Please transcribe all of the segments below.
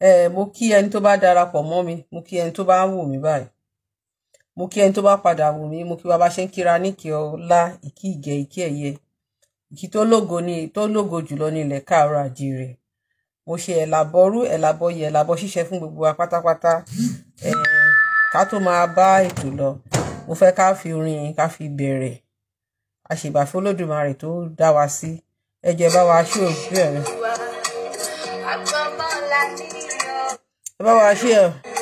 eh, mo kí ẹni tó bá darapọ̀ mọ́ mi mo kí ẹni tó bá ń wò mí báyìí mo kí ẹni tó bá padà wò mí mo kí wa bá ṣe ń kíra níkì ọlá ìkí ìgẹ ìkí ẹ̀yẹ ìkí tó lógo ni tó lógo jùlọ ní ilẹ̀ káàárọ̀ àjíire mo ṣe ẹ̀làbọ̀rú ẹ̀làbọ̀yẹ ẹ̀làbọ̀ ṣíṣe fún gbogbo wa pátápátá ẹ̀ ká tó máa bá ètò lọ mo fẹ́ ká fi orin ká fi bẹ̀rẹ̀ àṣìbàfẹ́ olódùmarè tó dá wa sí ẹ jẹ́ bá wa ṣó bẹ̀rẹ̀. 什么玩意？谢谢。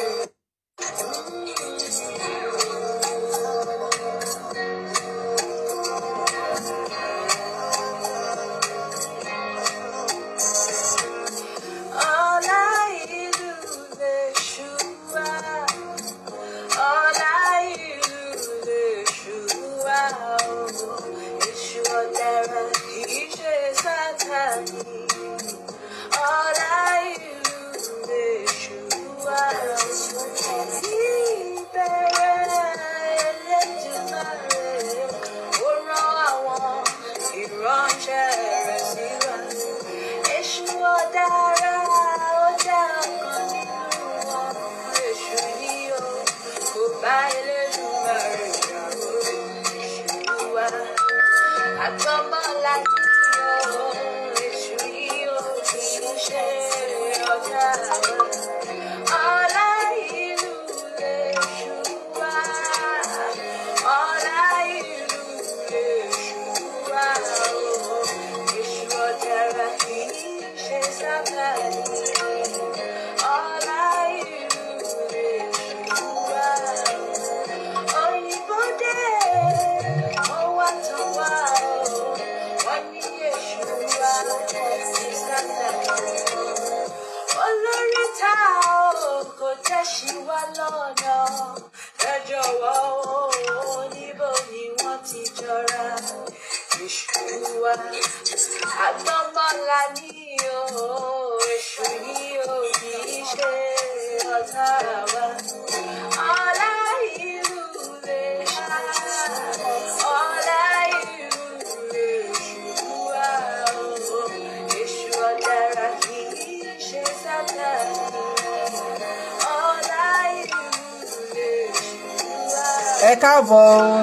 ẹ káàbọ̀ o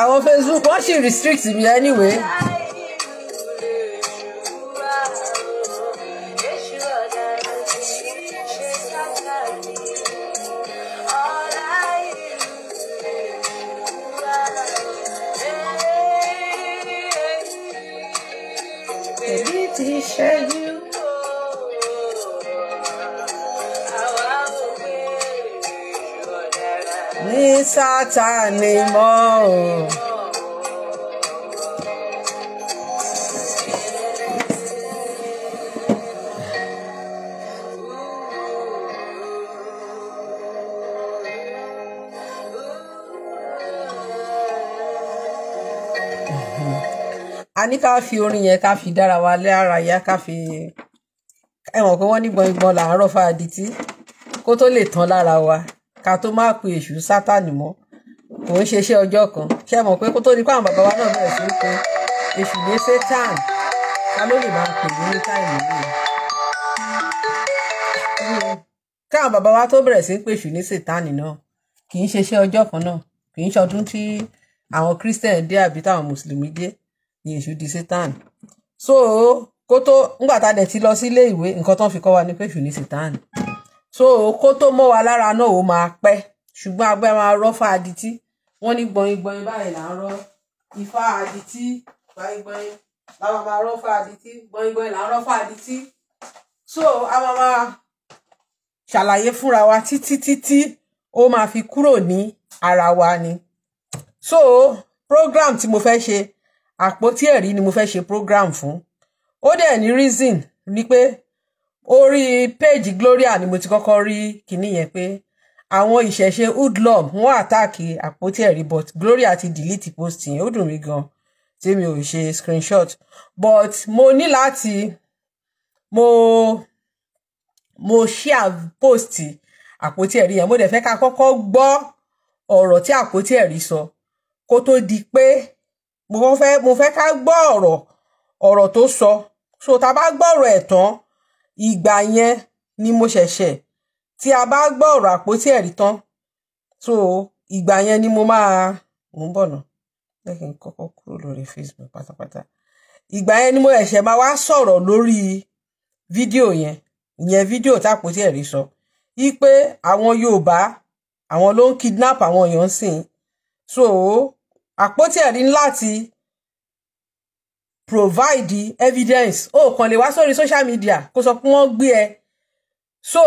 àwọn Facebook wọ́n ṣì restrict mi anyway. ta ni mọ́ o. a ní ká fi orin yẹn ká fi dára wa lára yá ká fi ẹwọn pé wọ́n ní gbọngbọn là ń fáadìtì kó tó lè tán lára wa ká tó má pe èṣù sátánì mọ́ kò ń ṣeṣẹ́ ọjọ́ kan ṣe mọ̀ pé kó tó di pé àwọn bàbá wa náà bẹ̀rẹ̀ sí pé èṣù ní satan ká ló lè máa pè ní ní táìmù yìí káwọn bàbá wa tó bẹ̀rẹ̀ sí í èṣù ní satan náà kì í ṣeṣẹ́ ọjọ́ kan náà kì í ṣọdún tí àwọn christian dé àbí táwọn mùsùlùmí dé ní èṣù di satan so kó tó ńgbà tá a dẹ̀ ti lọ sí ìwé nǹkan tó ń fi kọ́ wa ní pé èṣù ní satan so kó tó mọ́ wa lára náà ó máa pẹ́ ṣùgbọ́n agbẹ́ máa rọ́fà adití wọ́n ní gbọ̀nyin gbọ̀nyin báyìí là ń rọ́ ifá adití gbọ̀nyin gbọ̀nyin làwọn máa rọ́ fá adití gbọ̀nyin gbọ̀nyin là ń rọ́ fá adití so a máa máa ṣàlàyé fúnra wa títí títí ó máa fi kúrò ní ara wa ni so program tí mo fẹ́ ṣe àpótí ẹ̀rí ni mo fẹ́ ṣe program fún ó dẹ̀ ní reason ni pé orí page Gloria ni mo ti kọ́kọ́ rí kinní yẹn pé àwọn ìṣẹ̀ṣe hoodlum wọ́n àtàkì àpótí ẹ̀rí but Gloria ti delete posting ó dùn mí gan tí mi ò ṣe screenshot but mo ní láti mo mo share post àpótí ẹ̀rí yẹn mo dẹ̀ fẹ́ ká kọ́kọ́ gbọ́ ọ̀rọ̀ tí àpótí ẹ̀rí sọ kó tó di pé mo fẹ́ mo fẹ́ ká gbọ́ ọ̀rọ̀ ọ̀rọ̀ tó sọ so tá bá gbọ́ ọ̀rọ̀ ẹ̀ tán ìgbà yẹn ni mo ṣẹ̀ṣẹ̀ tí a bá gbọ́ ọ̀rọ̀ àpótí ẹ̀rí tán tó ìgbà yẹn ni mo máa mò ń bọ̀ náà lẹ́kìn ń kọ́kọ́ kúrò lórí Facebook pátápátá ìgbà yẹn ni mo ẹ̀ṣẹ̀ máa wá sọ̀rọ̀ lórí fídíò yẹn ìyẹn fídíò tápótí ẹ̀rí sọ yí pé àwọn Yorùbá àwọn ló ń kidnap àwọn èèyàn sìn so àpótí ẹ̀rí ń láti provide evidence ó kàn lè wá sórí social media kó sọ pé wọ́n gbé ẹ so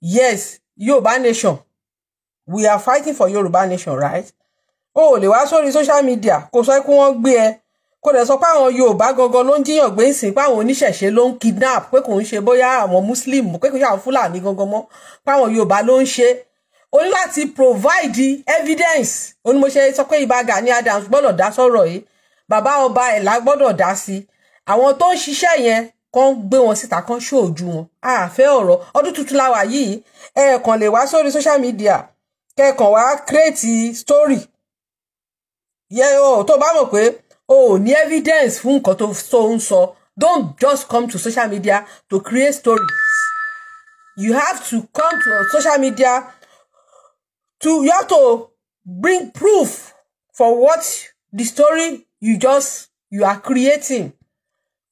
yes Yorùbá nation we are fighting for Yorùbá nation right o ò lè wá sórí social media kó sọ pé wọ́n gbé ẹ kó dẹ̀ sọ pé àwọn Yorùbá gangan ló ń jiyàn gbé ìsìn pé àwọn oníṣẹ̀ṣe ló kidnap pé kò ń ṣe bóyá Muslim pé kò ń ṣe àwọn Fúlàní gangan mọ́ pé àwọn Yorùbá ló ń ṣe o provide evidence o mo ṣe so pé Ìbà Gani Adams gbọ́dọ̀ dá sọ̀rọ̀ yìí bàbá ọba ẹ̀ la gbọ́dọ̀ dá sí àwọn tó ń ṣiṣẹ́ kán gbé wọn síta kán ṣòòjú wọn àfẹ́ ọ̀rọ̀ ọdún tuntun láwa yìí ẹ̀ẹ̀kan lè wá sórí social media kẹ̀kan wá kírètì story yẹ o tó bá mọ̀ pé o ò ní evidence fún nǹkan tó so ń sọ don't just come to social media to create stories you have to come to social media to you have to bring proof for what the story you just you are creating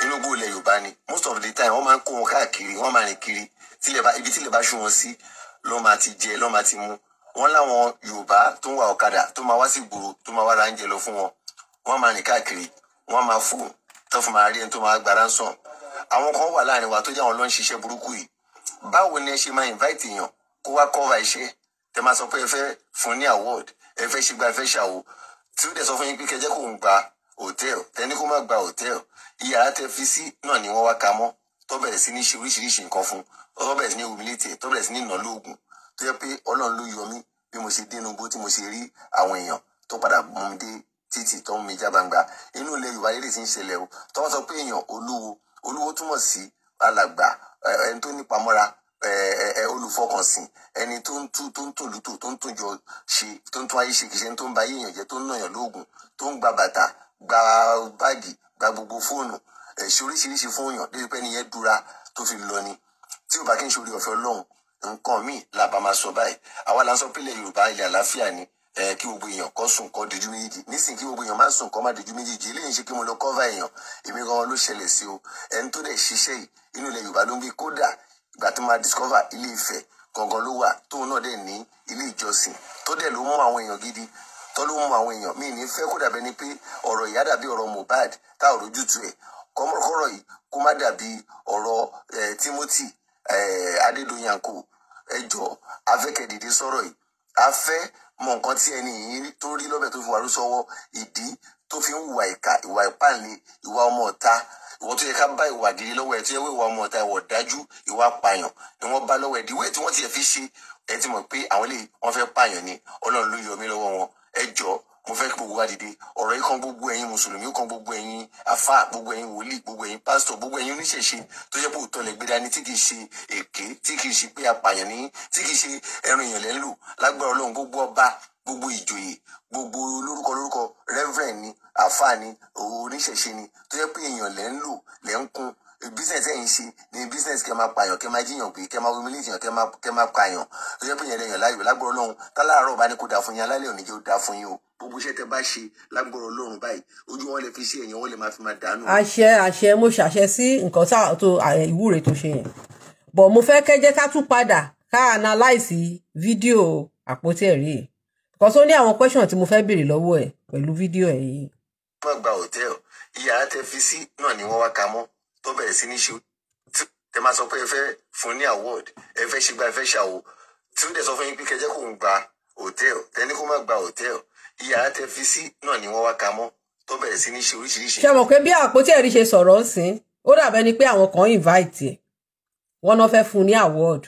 nínú gbogbo ilẹ̀ yorùbá ni most of the time wọ́n máa ń kó wọn káàkiri wọ́n máa rìn kiri ibi tílẹ̀ bá ṣú wọn sí ló máa ti jẹ ló máa ti mu wọ́n láwọn yorùbá tó ń wa ọ̀kadà tó máa wá sí gbòòrò tó máa wá ra oúnjẹ lọ fún wọn wọ́n máa rìn káàkiri wọ́n máa fò tó fún máa rí ẹni tó máa gbára ń àwọn kan wà láàrin wa tó jẹ́ àwọn ló ṣiṣẹ́ burúkú yìí báwo ni ẹ ṣe máa invite èèyàn kó wá cover iṣẹ́ tẹ máa sọ pé ẹ fẹ́ fún ní award ẹ fẹ́ ṣe gba ẹ fẹ́ ṣàwò tí ó dẹ̀ sọ fún yín pé kẹjẹ́ kò ń gba hòtẹ́ẹ̀lì tẹni kó má gba hòtẹ́ẹ̀lì yàrá tẹ fi sí náà ni wọ́n wá ka mọ́ tó bẹ̀rẹ̀ sí ní ṣe oríṣiríṣi nǹkan fún tó bẹ̀rẹ̀ sí ní humility tó bẹ̀rẹ̀ sí ní ìnà lóògùn tó yẹ pé ọlọ́run ló yọ mí bí mo ṣe dénú bó tí mo ṣe rí àwọn èèyàn tó padà mú mi dé títì tó ń mi já gbangba inú ilẹ̀ yorùbá lè ti ń ṣẹlẹ̀ o tó wọ́n sọ pé èèyàn olúwo olúwo túmọ̀ sí alàgbà ẹni tó nípamọ́ra olùfọkànsìn ẹni tó ń tú tó ń tún lùtò tó ń tún jọ ṣe tó ń tún ayé ṣe kìí ṣe tó ń ba ayé èèyàn jẹ́ tó ń nàyàn lóògùn tó ń gba bàtà gba báàgì gba gbogbo fóònù ẹ ṣe oríṣiríṣi fóònyàn débi pé ẹni yẹn dúra tó fi lọ ni tí ò bá kí n ṣe orí ọ̀fẹ́ Ọlọ́run nǹkan míì la bá máa sọ báyìí àwa la ń sọ pélé Yorùbá ilẹ̀ àlàáfíà ni kí gbogbo èèyàn kó sùn kó dojú méjì nísìnyí kí gbogbo èèyàn má sùn kó má dojú méjì jì eléyìí ṣe kí mo lọ kọ́va èèyàn èmi gan ló ṣẹlẹ̀ sí o ẹni tó dẹ̀ ṣiṣẹ́ yìí inú ilẹ̀ Yorùbá ló ń gbé kódà ìgbà tó máa discover Ilé Ifẹ̀ gangan ló wà tóun náà dẹ̀ ní ilé ìjọsìn tó dẹ̀ ló mú àwọn èèyàn gidi tó ló ń mọ àwọn èèyàn míì ní fẹ́ kó dàbẹ́ ni pé ọ̀rọ̀ ìyá dàbí ọ̀rọ̀ Mohbad tá ò rójútu ẹ̀ kọ́mọ̀kọ́rọ̀ yìí kó má dàbí ọ̀rọ̀ Timothy Adédoyanko ẹjọ́ afẹ́kẹ̀dìdì sọ̀rọ̀ yìí afẹ́ mọ nǹkan tí ẹni yìí tó rí lọ́bẹ̀ tó fi wàrú sọ́wọ́ ìdí tó fi ń hùwà ìka ìwà ìpànlẹ̀ ìwà ọmọ ọ̀tá ìwọ tó yẹ ká bá ìwà gidi lọ́wọ́ ẹ̀ tó yẹ wọ ìwà ọmọ ọ̀tá ìwọ dájú ìwà pààyàn ni wọ́n bá lọ́wọ́ ẹ̀ díwẹ́ tí wọ́n ti fi ṣe ẹ ti mọ̀ pé àwọn ilé wọn fẹ́ pààyàn ni Ọlọ́run ló yọ mí lọ́wọ́ wọn ẹ jọ mo fẹ́ kí gbogbo wa dìde ọ̀rọ̀ yìí kan gbogbo ẹ̀yin mùsùlùmí kan gbogbo ẹ̀yin afa gbogbo ẹ̀yin wòlíì gbogbo ẹ̀yin pásítọ̀ gbogbo ẹ̀yin oníṣẹ̀ṣe tó yẹ kó tọ́ lẹ gbé dání tí kì í ṣe èké tí kì í ṣe pé apààyàn ní tí kì í ṣe ẹran èèyàn lẹ́ lágbára ọlọ́run gbogbo ọba gbogbo ìjòyè gbogbo lórúkọ lórúkọ rẹ́fẹ̀rẹ̀ ni àfa ni oníṣẹ̀ṣe ni tó yẹ pé èèyàn lẹ́ ń business ẹ̀ ń ṣe ni business kẹ́ máa pààyàn kẹ́ máa jíyàn gbé kẹ́ máa humiliate yàn kẹ́ máa kẹ́ máa pààyàn tó yẹ pé yẹn lẹ́yìn láàyò lágbọ̀rọ̀ lọ́hùn táláàárọ̀ bá ní kó dáa fún yín alálẹ̀ òní jẹ́ ó dáa fún yín o gbogbo iṣẹ́ tẹ́ bá ṣe lágbọ̀rọ̀ lọ́hùn báyìí ojú wọn lè fi ṣe èèyàn wọn lè máa fi máa dànù. àṣẹ àṣẹ mo ṣàṣẹ sí nǹkan tá tó ìwúre tó ṣe yẹn bọ̀ mo fẹ́ kẹ́jẹ́ ká tún padà ká analyze fídíò àpótí ẹ̀rí yìí kọ́só ní àwọn question tí mo fẹ́ béèrè lọ́wọ́ ẹ̀ pẹ̀lú fídíò ẹ̀ yìí. wọ́n gba hòtẹ́ẹ̀lì ìyá tẹ fi sí náà ni wọ́n wá ka mọ́ tó bẹ̀rẹ̀ sí ní ṣe tẹ máa sọ pé ẹ fẹ́ fún ní award ẹ fẹ́ ṣe gba ẹ fẹ́ ṣàwò tí ó dẹ̀ sọ fún yín pé kẹjẹ́ kò ń gba hòtẹ́ẹ̀lì tẹ́ni kó má gba hòtẹ́ẹ̀lì ìyá tẹ fi sí náà ni wọ́n wá ka mọ́ tó bẹ̀rẹ̀ sí ní ṣe oríṣiríṣi. ṣe mọ̀ pé bí àpótí ẹ̀rí ṣe sọ̀rọ̀ ń sìn ó dàbẹ́ ni pé àwọn kan invite ẹ̀ wọ́n náà fẹ́ fún ní award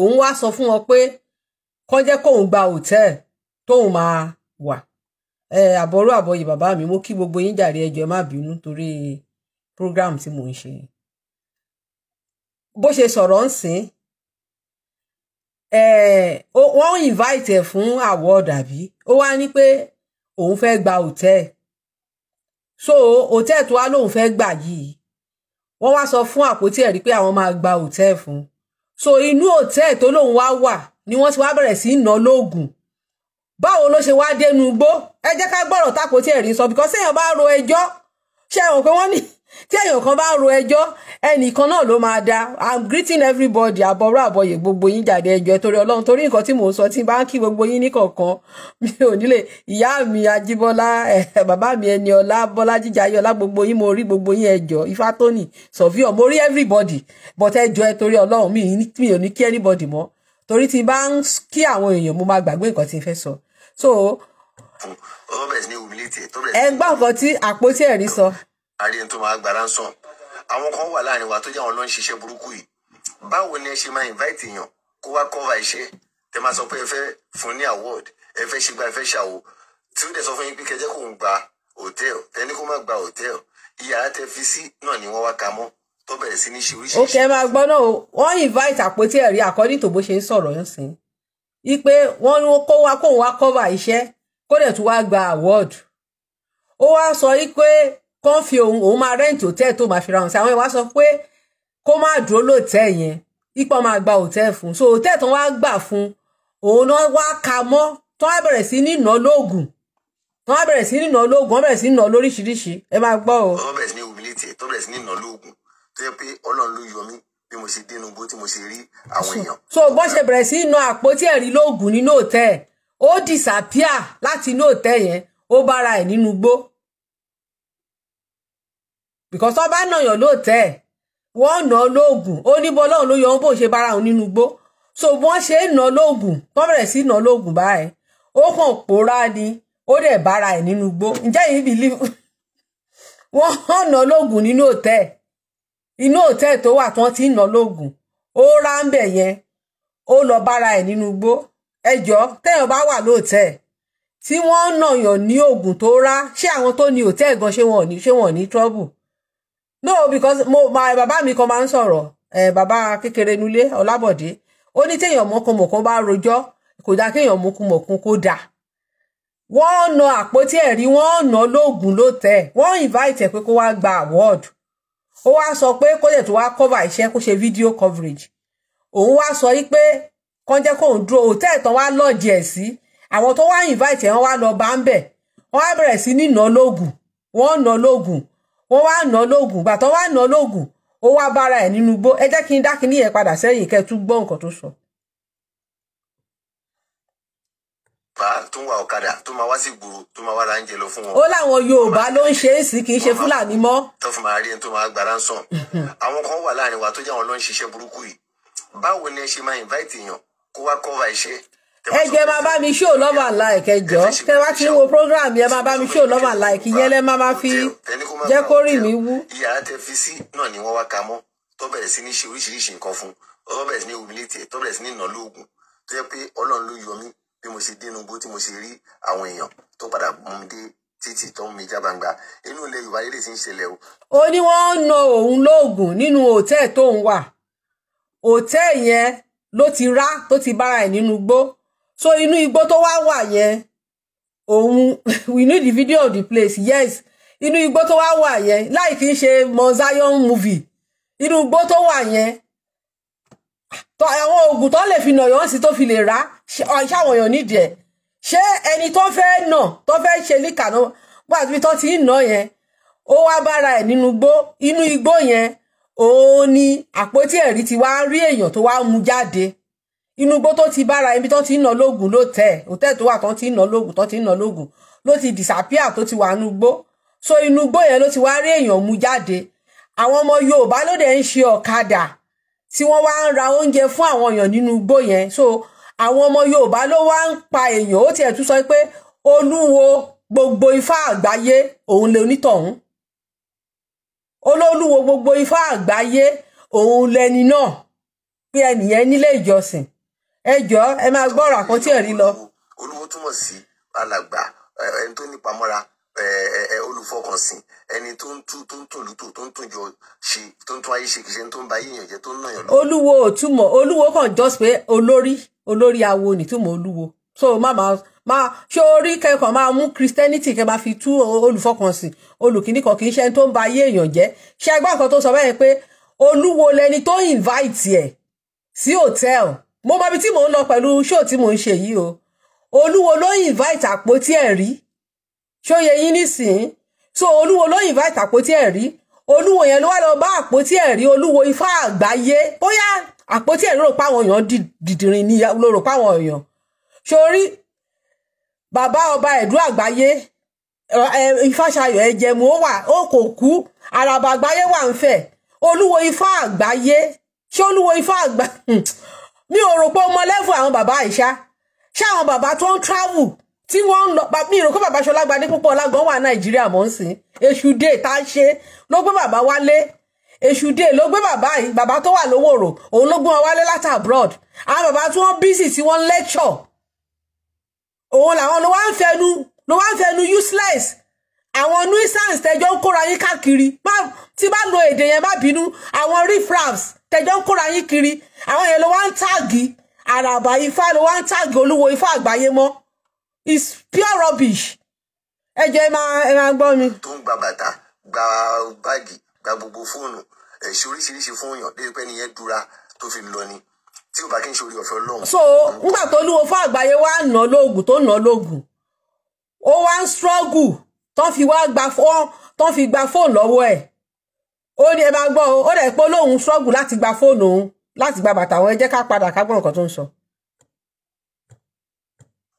òun wá sọ fún wọn pé kán jẹ́ kóun gba hòtẹ́ẹ̀lì tóun máa wà àbọ̀rú àbọ̀yè bàbá mi mo kí gbogbo yín jàre ẹjọ́ má bínú torí program tí mò ń ṣe bó ṣe sọ̀rọ̀ ń sìn eh, wọ́n invite ẹ̀ fún award àbí ó wá ní pé òun fẹ́ gba hotel so hotel tó wá lóun fẹ́ gbà yìí wọ́n wá sọ fún àpótí ẹ̀rí pé àwọn máa gba hotel fún so inú hotel tó lóun wá wà ni wọ́n ti wá bẹ̀rẹ̀ sí í ná lóògùn báwo ló ṣe wá dénú igbó ẹ jẹ́ ká gbọ́rọ̀ tápótí ẹ̀rí sọ bíkọ́ sẹ́yìn bá ro ẹjọ́ ṣe é hàn pé wọ́n ní tí èèyàn kan bá ro ẹjọ́ ẹnìkan náà ló máa da i'm greeting everybody àbọ̀rọ̀ àbọ̀yè gbogbo yín jáde ẹjọ́ torí ọlọ́run torí nǹkan tí mò ń sọ tí bá ń kí gbogbo yín níkọ̀ọ̀kan mi ò nílé ìyá mi ajíbọ́lá eh, bàbá mi ẹni ọlá bọ́lá jíjayé ọlá gbogbo yín mo rí gbogbo yín ẹjọ́ ifátọ́nì sọ̀fíọ̀ mo rí everybody but ẹjọ́ ẹ torí ọlọ́run mi ò ní kí anybody mọ́ torí tí bá ń kí àwọn èèyàn mo máa gbàgbé nǹkan tí n fẹ́ sọ so ẹ gbọ́ nǹkan tí àpótí ẹ̀rí sọ àrí ẹni tó máa gbà ransom àwọn kan wà láàrin wa tó jẹ́ àwọn ló ń ṣiṣẹ́ burúkú yìí báwo ni ẹ ṣe máa invite èèyàn kó wá cover iṣẹ́ tẹ máa sọ pé ẹ fẹ́ fún ní award ẹ fẹ́ ṣe gba ẹ fẹ́ ṣàwo tí ó dẹ̀ sọ fún yín pé kẹjẹ́ kò ń gba hòtẹ́ẹ̀l tẹ́ni kó má gba hòtẹ́ẹ̀l iyàrá tẹ fi sí náà ni wọ́n wá ka mọ́ tó bẹ̀rẹ̀ sí ní ṣe oríṣiríṣi. ok máa gbọ́ náà o wọ́n invite àpótí ẹ̀rí according to bó ṣe ń sọ̀rọ̀ yẹn sí i pé wọ́n ní kó wá kóun wá cover iṣẹ́ kó dẹ̀ tún wá gba award ó wá sọ yí pé kán fi òun òun máa rẹ́ǹtì hòtẹ́ẹ̀ tó máa fi ra òun sí àwọn ìwà sọ pé kó má dúró lòtẹ́ yẹn ipò máa gba hòtẹ́ẹ̀ fún so hòtẹ́ẹ̀ tó wá gbà fún òun náà wá ka mọ́ tó wá bẹ̀rẹ̀ sí ní ìná lóògùn tó wá bẹ̀rẹ̀ sí ní ìná lóògùn wọ́n bẹ̀rẹ̀ sí ní ìná lóríṣiríṣi ẹ máa gbọ́ o. tó bẹ̀rẹ̀ sí ní humility tó bẹ̀rẹ̀ sí ní ìná lóògùn tó yẹ pé ọlọ́run ló yọ mí bí mo ṣe dénú bó tí mo ṣe rí àwọn èèyàn. so bó ṣe bẹ̀rẹ̀ sí ìná àpótí ẹ̀rí lóògùn nínú hòtẹ́ẹ̀ ó disappear láti inú hòtẹ́ẹ̀ yẹn ó bára ẹ̀ nínú igbó because tó bá nàyàn lóòtẹ́ ẹ̀ wọ́n nà án lóògùn ó ní bọ́ lọ́run ló yọ ohun bó ṣe bára òun nínú igbó so wọ́n ṣe é nà án lóògùn wọ́n bẹ̀rẹ̀ sí nà án lóògùn báyìí ó kàn pòórá ni ó dẹ̀ bára ẹ̀ nínú igbó ǹjẹ́ yìí bìlí wọ́n nà án lóògùn nínú òtẹ́ inú òtẹ́ tó wà tí wọ́n ti nà án lóògùn ó rá ń bẹ̀ yẹn ó lọ bára ẹ̀ nínú igbó ẹjọ́ téèyàn bá wà lóòtẹ́ tí wọ́n nàyàn ní oògùn tó rá ṣé àwọn tó ní òtẹ́ gan ṣé wọn ò ní ṣé wọn ò ní trouble no because mo my bàbá mi kan máa ń sọ̀rọ̀ eh, bàbá kékeré nulé ọlábọ̀dé ó ní téèyàn mọ̀kùmọ̀kùn bá rojọ́ kò dáa kéèyàn mọ̀kùmọ̀kùn kó dáa wọ́n na àpótí ẹ̀rí wọ́n na lóògùn ló tẹ̀ wọ́n invite ẹ̀ pé kó wá gba award ó wá sọ pé kó lè tó wá cover iṣẹ́ kó ṣe video coverage òun wá sọ yí pé kàn jẹ́ kóun dúró hòtẹ́ẹ̀ tán wá lọ́ọ̀jì ẹ̀ sí àwọn tó wá invite ẹ̀ wọ́n wá lọ bá ń bẹ̀ wọ́n á bẹ̀rẹ̀ sí ní nà lóògùn wọ́n wá nà lóògùn gbà tó wá nà lóògùn ó wá bára ẹ̀ nínú igbó ẹ jẹ́ kí n dá kinní yẹn padà sẹ́yìn kẹ́ ẹ tún gbọ́ nǹkan tó sọ. bá tó ń wa ọ̀kadà tó máa wá sí gbòòrò tó máa wá ra oúnjẹ lọ fún wọn. ó láwọn yorùbá ló ń ṣe é sí kì í ṣe fúlàní mọ́. tó fi máa rí ẹni tó máa gbára ń sàn. àwọn kan wà láàrin wa tó jẹ́ àwọn ló ń ṣiṣẹ́ burúkú yìí báwo ni ẹ ṣe máa invite èèyàn kó wá cover iṣẹ́ ẹ jẹ́ máa bá mi show love and like ẹ jọ̀ọ́ tẹ wá ti ń wo program yẹn máa bá mi show love and ìyẹn lẹ máa máa fi jẹ́ kó rì mí wú. ìyàrá tẹ fi sí náà ni wọ́n wá ka mọ́ tó bẹ̀rẹ̀ sí ní ṣe oríṣiríṣi nǹkan fún tó bẹ̀rẹ̀ sí ní humility tó bẹ̀rẹ̀ sí ní ìnáwó oògùn tó yẹ pé Ọlọ́run ló yọ mí bí mo ṣe dénú bó tí mo ṣe rí àwọn èèyàn tó padà mú mi dé títì tó ń mi jábàǹgbà inú ilẹ̀ Yorùbá lédè ti ń ṣẹlẹ̀ o. ó ní wọ́n ń na òun lóògùn nínú òtẹ́ẹ̀ tó ń wà òtẹ́ẹ̀ yẹn ló ti rá tó ti bára ẹ̀ nínú gbó so inú igbó to wá wà yẹn òun we need the video of the place yes inú igbó tó wá wà yẹn láì kí n ṣe Mount Zion movie inú igbó tó wà yẹn àwọn oògùn tó lè fi nà yọ̀ sí tó fi lè rà ṣáwọn èèyàn nídìí ẹ̀ ṣé ẹni tó fẹ́ nà tó fẹ́ ṣe líkà náà wà tí tó ti ń nà yẹn ó wá bára ẹ̀ nínú igbó inú igbó yẹn òun ni àpótí ẹ̀rí ti wá rí èèyàn To wa mú jáde inú igbó tó ti bára ibi tó ti ń nà lóògùn ló tẹ̀ òtẹ́ẹ̀ tó wà tó ti ń nà lóògùn tó ti ń nà lóògùn ló ti disappear tó ti wà nú igbó so inú igbó yẹn ló ti wá rí èèyàn mú jáde àwọn ọmọ Yorùbá ló dẹ̀ ń ṣe ọ̀kadà tí wọ́n wá ń ra oúnjẹ fún àwọn èèyàn nínú igbó yẹn so àwọn ọmọ Yorùbá ló wá ń pa èèyàn ó tiẹ̀ tún sọ pé olúwo gbogbo ifá àgbáyé òun lè onítọ̀hún olólùwo gbogbo ifá àgbáyé òun lẹni náà pé ẹnìyẹn nílé ìjọsìn ẹ jọ ẹ máa gbọ́rọ̀ àkọ́tí ẹ̀rí lọ. olówó túmọ̀ sí alàgbà ẹni tó nípamọ́ra olùfọkànsìn ẹni tó ń tún tó ń tún lùtò tó ń tún jọ ṣe tó ń tún ayé ṣe kì í ṣe tó ń ba ayé èèyàn jẹ tó ń nàyàn lọ. olúwo ò túmọ̀ olúwo kàn just pé olórí olórí awo nìtúmọ̀ olúwo so má máa máa ṣé orí kẹkọọ máa mú christianity kẹ máa fi tú olùfọkànsìn olùkíní kan kì í ṣe tó ń ba ayé èèyàn jẹ ṣe ẹgbẹ́ kan tó sọ bẹ́ẹ̀ pé olúwo lẹni tó invite ẹ̀ sí hòtẹ́ẹ̀lì mo mọ ibi tí mò ń lọ pẹ̀lú ṣóò tí mò ń ṣe yìí o olúwo ló invite àpótí ẹ̀rí ṣóye yín nísìnyí so olúwo ló invite àpótí ẹ̀rí olúwo yẹn ló wá lọ bá àpótí ẹ̀rí olúwo ifá àgbáyé bóyá àpótí ẹ̀rí rò páwọn èèyàn dìdìrín ni ló rò páwọn èèyàn sórí bàbá ọba ẹ̀dú àgbáyé Ifáṣayọ̀ ẹ̀jẹ̀mú ó wà ó kò kú àràbà àgbáyé wà ń fẹ̀ olúwo ifá àgbáyé ṣé olúwo ifá àgbáyé hmm mi ò rò pé ọmọ level àwọn bàbá àìṣá ṣé àwọn bàbá tó travel tí wọ́n ń lọ mi ò rò pé bàbá ṣọlá gbadé púpọ̀ ọlágbọ́n wà nàìjíríà mọ́ ń sìn èṣù dé tá a ṣe ló gbé bàbá wálé èṣù dé ló gbé bàbá yìí bàbá tó wà lówòrò òun ló gbé wọn wálé láti abroad àwọn bàbá tí wọ́n bísì tí wọ́n lecture òun làwọn ló wá ń fẹnu ló wá ń fẹnu useless àwọn nuisance tẹjọ ń kóra yín káàkiri tí bá lo èdè yẹn má bínú àwọn riffraffs tẹjọ́ ń kóra yín kiri àwọn yẹn ló wá ń táàgì àràbà ifá ló wá ń táàgì olúwo ifá àgbáyé mọ́ it's pure rubbish ẹ jẹ́ ẹ máa ẹ máa gbọ́ mi. tó ń gba bàtà gba báàgì gba gbogbo fóònù ẹ̀ṣẹ̀ oríṣiríṣi fóònù yàn débi pé nìyẹn dúra tó fi lọ ni tí ò bá kí n ṣe orí ọ̀fẹ́ so nígbà tó lúwo fún àgbáyé wá ná lóògùn tó ná lóògùn ó wá ń struggle tán fi wá gba fóònù lọ́wọ́ ẹ̀ ó ní ẹ máa gbọ́ o ó dẹ̀ pé olóhùn ṣọ́ọ̀gù láti gba fóònù òun láti gba bàtà àwọn ẹ jẹ́ ká padà ká gbọ́ nǹkan tó ń sọ.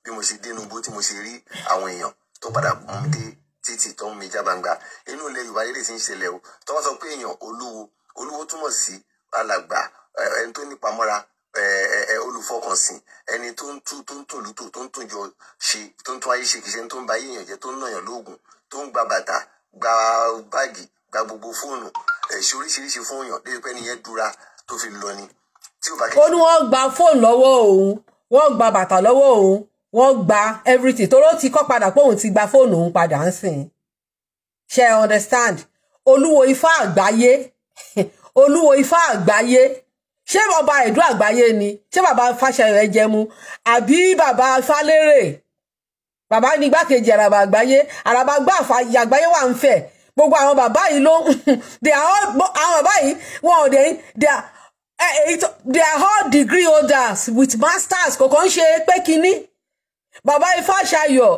bí mo ṣe dé inú igbó tí mo ṣe rí àwọn èèyàn tó padà mú dé títì tó ń mi jábàǹgbà inú ilẹ̀ Yorùbá lédè ti ń ṣẹlẹ̀ o tó wá sọ pé èèyàn olúwo olúwo túmọ̀ sí alàgbà ẹni tó nípamọ́ra olùfọkànsìn ẹni tó ń tú tó ń tún lùtò tó ń tún jọ ṣe tó ń tún ayé ṣe kìṣẹ́ tó ń ba ayé èèyàn jẹ́ tó ń nàyàn lóògùn tó ń gba bàtà gba báàgì gba gbogbo fóònù ṣe oríṣiríṣi fún èèyàn dé pé nìyẹn dúra tó fi lọ ni. ó ní wọ́n gba fóònù lọ́wọ́ òun wọ́n gba bàtà lọ́wọ́ òun wọ́n gba everything toró ti kọ́ padà pé òun ti gba fóònù òun padà ń sìn ṣe understand olúwo ifá àgbáyé olúwo ifá àgbáyé ṣé ọba ẹ̀dùn àgbáyé ni ṣé bàbá fàṣẹyọ ẹjẹmu àbí bàbá falérè bàbá ní igbákejì àràbà àgbáyé àràbà gbà àgbáyé wà ń fẹ̀ gbogbo àwọn bàbá yìí ló they are all àwọn bàbá yìí wọn ò dé they are eh, eh, they are all degree holders with masters kò kàn ń ṣe pé kínní bàbá Ifáṣayọ̀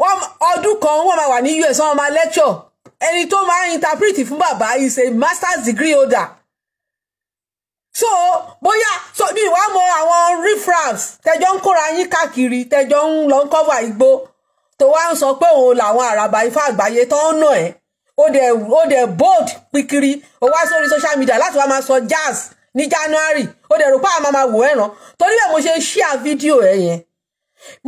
wọn ọdún kan wọn máa wà ní US wọn máa lecture ẹni tó máa interpret fún bàbá is a masters degree holder so bóyá so mi wá mọ àwọn refrafs tẹjọ ń kóra yín káàkiri tẹjọ ń lọ ń cover igbó tó wá ń sọ pé òun làwọn àràbà ifá àgbáyé tó ń nà ẹ́ ó dẹ̀ ó dẹ̀ bold pikiri ó wá sórí social media láti wá máa sọ jazz ní January ó dẹ̀ rò pé àwọn máa wò ẹ̀ràn torí bẹ́ẹ̀ mo ṣe ṣíà fídíò ẹ̀ yẹn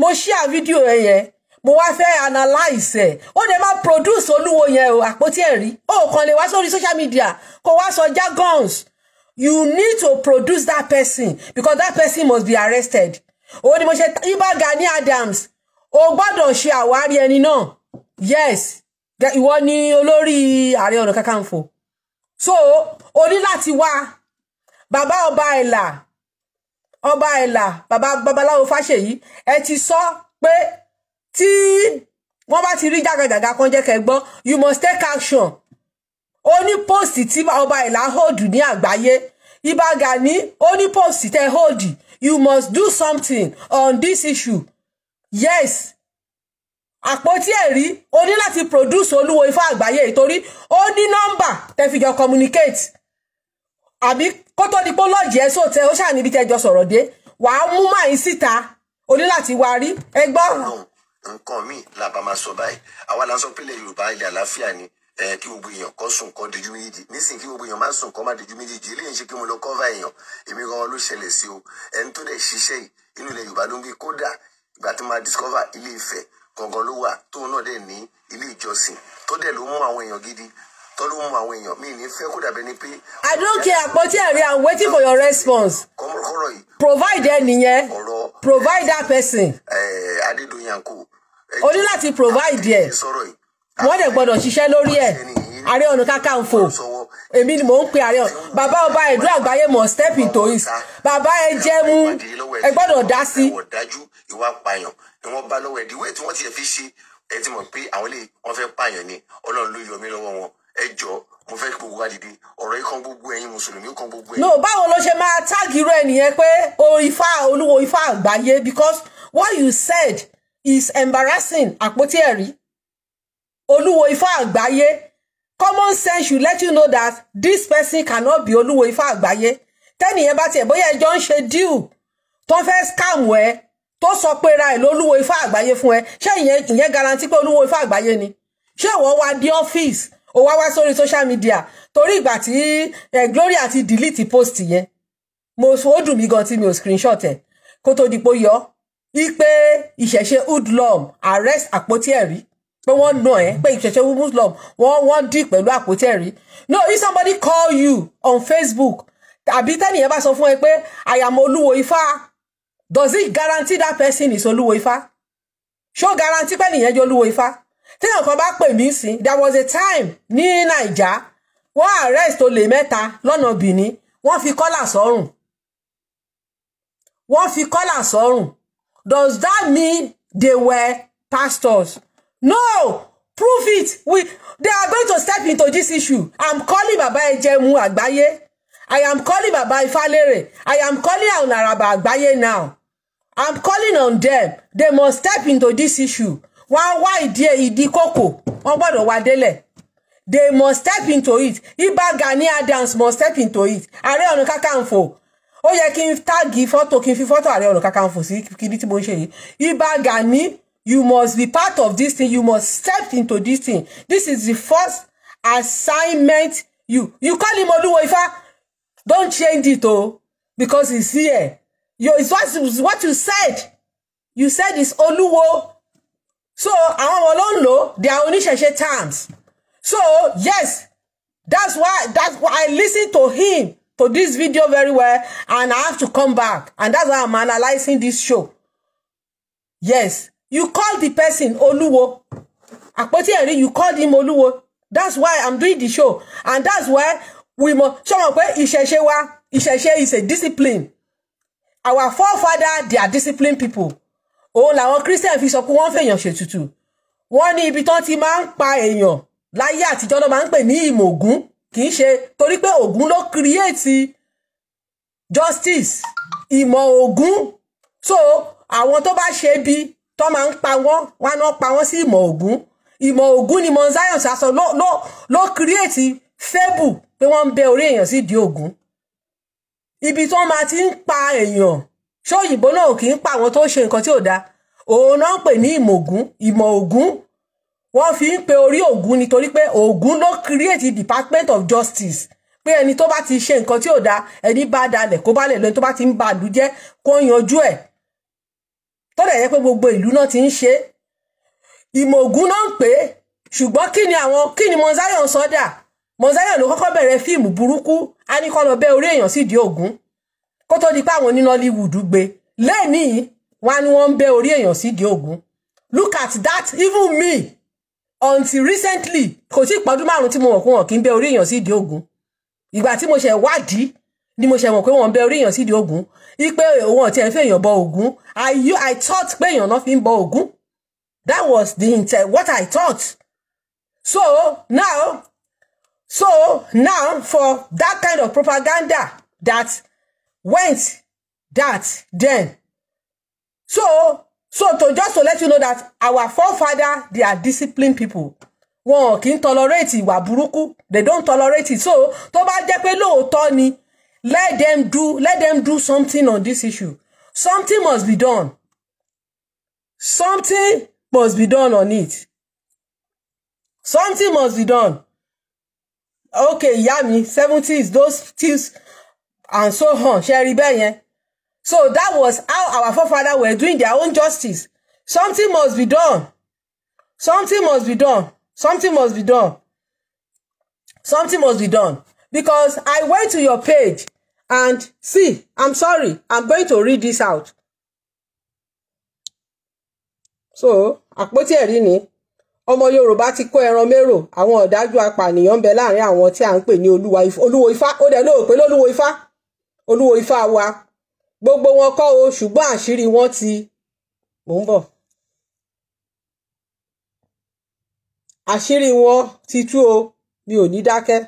mo ṣíà fídíò ẹ̀ yẹn mo wá fẹ́ analyse ẹ̀ ó dẹ̀ máa produce olúwo yẹn o àpótí ẹ̀rí ó kàn lè wá sórí social media kó wá sọ jargons you need to produce that person because that person must be arrested òun ni mo ṣe Ìbà Gani Adams o gbọ́dọ̀ ṣe àwárí ẹni náà yes ìwọ ni olórí ààrẹ ọ̀nà kakanfò so o ní láti wá bàbá ọba ẹ̀là ọba ẹ̀là bàbá babaláwo fáṣèyí ẹ ti sọ pé tí wọ́n bá ti rí jàgàjàgà kan jẹ́ kẹgbọ́n you must take action ó ní póòsì tí ọba ẹ̀là hold ní àgbáyé Ìbà Gani ó ní póòsì tẹ hold you must do something on this issue yes àpótí ẹ̀rí o ní láti produce olúwo ifá àgbáyé ìtorí ó ní nọ́mbà tẹ́fìjọ communicate àbí kó tó di pé lọ́ọ̀jì ẹ̀ sóò tẹ ó ṣáà níbi tẹ́jọ sọ̀rọ̀ dé wàá mú màáyín síta o ní láti wá rí ẹ nǹkan míì la bá máa sọ báyìí àwa la ń sọ pé ilẹ̀ yorùbá ilẹ̀ àlàáfíà ni kí gbogbo èèyàn kó sùn kó dojú méjì nísìnyí kí gbogbo èèyàn má sùn kó má dojú méjì jì eléyìí ṣe kí mo lọ kọ́va èèyàn èmi gan ló ṣẹlẹ̀ sí o ẹni tó dẹ̀ ṣiṣẹ́ yìí inú ilẹ̀ yorùbá ló ń gbé kódà ìgbà tí máa discover ilé Ifẹ̀ gangan ló wà tóun náà dẹ̀ ní ilé ìjọsìn tó dẹ̀ ló mú àwọn èèyàn gidi tó ló mú àwọn èèyàn mi ní fẹ́ kó dàbẹ́ ni pé. I don't care àpótí ẹ̀rí I'm waiting for your response. kọ́mọkọ́rọ̀ yìí. provide ẹ nìyẹn. ọ̀rọ̀ provide that eh, person. ẹ̀ẹ́ eh, Adédoyin o ní láti provide ẹ. wọ́n dẹ̀ gbọ́dọ̀ ṣiṣẹ́ lórí ẹ̀ ààrẹ ọ̀nà kakanfò èmi ni mò ń pe ààrẹ ọ̀nà bàbá ọba ẹ̀dú àgbáyé mọ̀ step into it bàbá ẹ jẹ́ mú ẹ gbọ́dọ̀ dá sí. ìwà fẹ́ pààyàn gbogbo wa dìde ọ̀rọ̀ yìí kan gbogbo ẹ̀yin mùsùlùmí kan gbogbo ẹ̀yin. no báwo ló ṣe máa táàgì irú ẹnìyẹn pé o ifá olúwo ifá àgbáyé because what you said is embarrassing àpótí ẹ̀rí olúwo ifá àgbáyé common sense should let you know that this person cannot be olúwo ifá àgbáyé tẹ́nìyẹn bá tiẹ̀ bóyá ẹjọ́ ń ṣe deal tó fẹ́ scam ẹ tó sọ pé ra ẹ̀ lólúwo ifá àgbáyé fún ẹ ṣé ìyẹn ìyẹn guarantee pé olúwo ifá àgbáyé ni ṣé ìwọ wá dé ọ́fíìsì ó wá wá sórí social media torí ìgbà tí eh, Gloria ti delete post yẹn mo ó dùn mí gan tí mi ò screenshot ẹ kó tó di pé ó yọ í pé ìṣẹ̀ṣe arrest àpótí ẹ̀rí pé wọ́n nà ẹ́ pé ìṣẹ̀ṣẹ̀ muslim wọ́n wọ́n dì pẹ̀lú àpótí ẹ̀rí no if somebody call you on Facebook àbí tẹ́nìyẹn bá sọ fún ẹ pé I am olúwo ifá does it guarantee that person is olúwo ifá ṣó guarantee pé nìyẹn jẹ́ olúwo ifá téèyàn kan bá pè mí sí there was a time ní Naija wọ́n arrest olè mẹ́ta lọ́nà Benin wọ́n fi kọ́là sọ́rùn wọ́n fi kọ́là sọ́rùn does that mean they were pastors no prove it we they are going to step into this issue i'm calling baba ejemu agbaye i am calling baba ifalere i am calling on araba agbaye now i'm calling on them they must step into this issue Why? Why dear Idikoko? kòkò wọn gbọ́dọ̀ wá délẹ̀ they must step into it Ìbà Gani Adams must step into it Ààrẹ Ọ̀nà Kakanfò Oh, yẹ kí n táàgì fọ́tò kí n fi you Ààrẹ Ọ̀nà Kakanfò sí See, tí mo to ṣe yìí Ìbà Gani you must be part of this thing you must step into this thing this is the first assignment you you call him Oluwaifa. don't change it oh because he's here your it's what, it's what you said you said it's Oluwo so àwọn alone. ló they are only oníṣẹ̀ṣe terms so yes that's why that's why I listen to him for this video very well and I have to come back and that's why I'm analyzing this show yes you call the person Oluwo àpótí ẹ̀rí you call him Oluwo that's why I'm doing the show and that's why we must ṣé wọn pé ìṣẹ̀ṣe wa ìṣẹ̀ṣe is a discipline our forefather they are disciplined people òun làwọn Christian fi sọ pé wọ́n fèèyàn ṣètùtù wọ́n ní ibi tán ti máa ń pa èèyàn láyé àtijọ́ ló máa ni pè ní ìmọ̀ Ògún kì í ṣe torí justice ìmọ̀ Ògún so àwọn tó bá ṣe bí tó máa ń pa wọ́n wọn náà pa wọ́n sí ìmọ̀ ògún ìmọ̀ ògún ni Mount Zion sasọ ló ló ló kírètì fébù pé wọ́n ń bẹ orí èèyàn sí ìdí ògún ibi tó máa ti ń pa èèyàn ṣé òyìnbó náà kì í pa àwọn tó ṣe nǹkan tí ò dáa òun náà pè ní ìmọ̀ ògún ìmọ̀ ògún wọ́n fi ń pe orí ògún nítorí pé ògún ló kírètì Department of Justice pé ẹni tó bá ti ṣe nǹkan tí ò dáa ẹni bá dalẹ̀ kó bá lè lọ tó bá ti ń ba àlù kó yanjú ẹ̀ tó dẹ̀ yẹ pé gbogbo ìlú náà ti ń ṣe ìmọ̀ ògùn náà ń pè é ṣùgbọ́n kí ni àwọn kí ni Mọ́nsáyọ̀ ń sọ́dà Mọ́nsáyọ̀ ló kọ́kọ́ bẹ̀rẹ̀ fíìmù burúkú a ní kọ́ lọ orí èèyàn sídìí ògùn kó tó di pé àwọn ní Nollywood gbé lẹ́ẹ̀nìí wọn ni wọ́n ń bẹ́ orí èèyàn sídìí ògùn look at that even me until recently kò tí ì pọ́dún márùn-ún tí mo mọ̀ pé wọn kì í bẹ́ orí èèyàn sídìí ògùn ìgbà tí mo ṣe wádìí ni mo ṣe mọ̀ pé wọ́n ń bẹ́ orí èèyàn sídìí ògùn ipe òun ọ̀tí ẹ̀ fẹ́ èèyàn bọ Ògún I you I thought pé èèyàn náà fi ń bọ Ògún that was the intent what I thought so now so now for that kind of propaganda that went that then so so to just to let you know that our forefather they are disciplined people wọn kì í tolerate ìwà burúkú they don't tolerate it so tó bá jẹ́ pé lóòótọ́ ni let them do let them do something on this issue something must be done something must be done on it something must be done okay ìyá mi seventies those things, and so on ṣe rí bẹ́ẹ̀ so that was how our forefathers were doing their own justice something must be done something must be done something must be done something must be done because I went to your page and see, I'm sorry, I'm going to read this out. So, àpótí ẹ̀rí ni ọmọ Yorùbá ti kó ẹran mérò àwọn ọ̀dájú apànìyàn ń bẹ láàrin àwọn tí à ń pè ní olúwo ifá ó dẹ̀ lóò pé lólúwo ifá olúwo ifá wa gbogbo wọn kọ́ o ṣùgbọ́n àṣírí wọn ti mò ń bọ̀ àṣírí wọn ti tú o mi ò ní dákẹ́.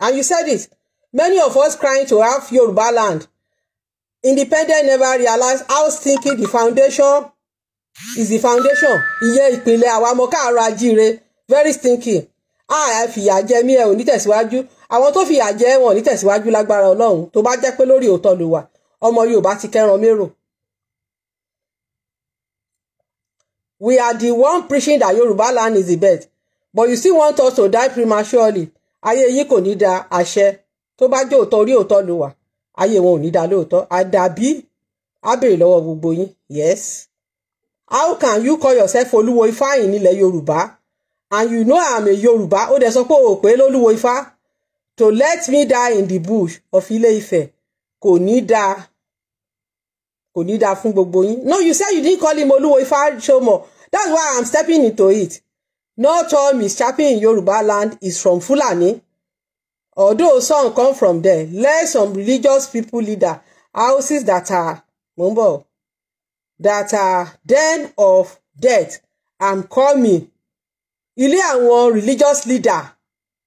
And you said it. Many of us crying to have Yoruba land. Independent never realized how stinky the foundation is the foundation. Ìyẹn ìpìlẹ̀ àwa ọmọ káàárọ̀ ajíire very stinky. Àà ah, fìyà jẹ mí ẹ ò ní tẹ̀síwájú. Àwọn tó fìyà jẹ wọn ò ní tẹ̀síwájú lágbára tó bá jẹ́ pé lórí òótọ́ ló wà. Ọmọ Yorùbá ti kẹ́ran mérò. We are the one preaching that Yoruba land is the best. But you still want us to die prematurely ayé yín kò ní da àṣẹ tó bá jẹ́ òótọ́ orí òótọ́ ló wà ayé wọn ò ní da lóòótọ́ àdàbí á béèrè lọ́wọ́ gbogbo yín yes how can you call yourself olúwo ifá yìí nílẹ̀ yorùbá and you know i am a yorùbá ó dẹ̀ sọ pé o pé lólúwo ifá to let me die in the bush of ilé ifẹ̀ kò ní da kò ní da fún gbogbo yín no you say you didn't call him olúwo ifá ṣomọ that's why i'm stepping into it Not all mishaping in Yoruba land is from Fulani. Although some come from there, Let some religious people leader houses that are mumbo that are den of death and coming. Ilé àwọn religious leader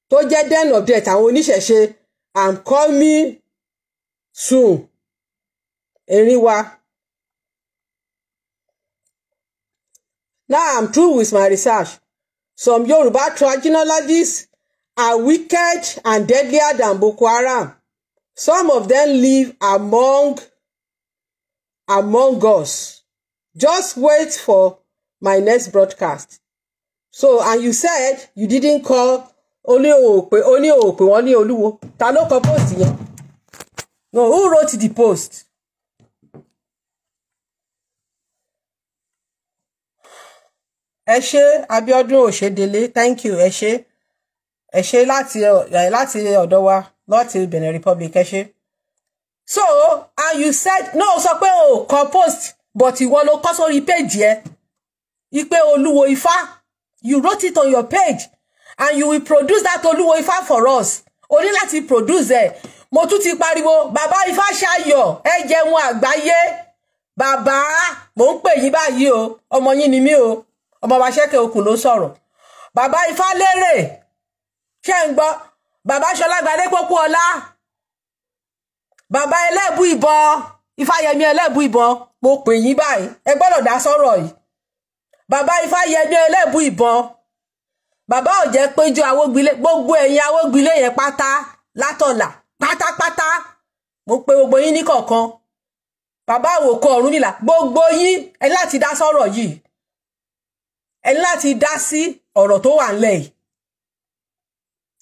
to jẹ́ den of death àwọn oníṣẹ̀ṣe and coming soon. Erin Now I'm through with my research. Some Yoruba traditionalists are wicked and deadlier than Boko Haram. Some of them live among among us. Just wait for my next broadcast. So, and you said you didn't call Oníòwò ope, Oníòwò ope, wọ́n oluwo. Olúwo. Ta ló kọ post yẹn? No, who wrote the post? ẹ ṣé Abíọ́dún Òṣèdélé thank you ẹ ṣé ẹ ṣé láti láti ọ̀dọ̀ wa láti Benin Republic ẹ ṣé so and you said no sọ pé o kọ post but ìwọ ló kọ sórí page yẹ ipe olúwo ifá you wrote it on your page and you will produce that olúwo ifá for us o ní láti produce ẹ mo tún ti pariwo bàbá Ifáṣayọ̀ ẹ jẹun àgbáyé bàbá mò ń pè yín báyìí o ọmọ yín ni mí o ọmọ wa ṣẹ́kẹ̀ okùn ló sọ̀rọ̀ bàbá ifálérè ṣe ń gbọ́ bàbá ṣọlágbadé pópó ọlá bàbá ẹlẹ́bù ìbọn ifáyẹmí ẹlẹ́bù ìbọn mo pè yín báyìí ẹ gbọ́dọ̀ dá sọ̀rọ̀ yìí bàbá ifáyẹmí ẹlẹ́bù ìbọn bàbá òjẹ́ péjú awógbilé gbogbo ẹ̀yin awógbilé yẹn pátá látọ̀là pátápátá mo pe gbogbo yín ní kọ̀ọ̀kan bàbá àwòkọ Ọ̀rúnmìlà gbogbo yín ẹ láti dá sọ̀rọ̀ yìí ẹ ní láti dá sí ọ̀rọ̀ tó wà ńlẹ̀ yìí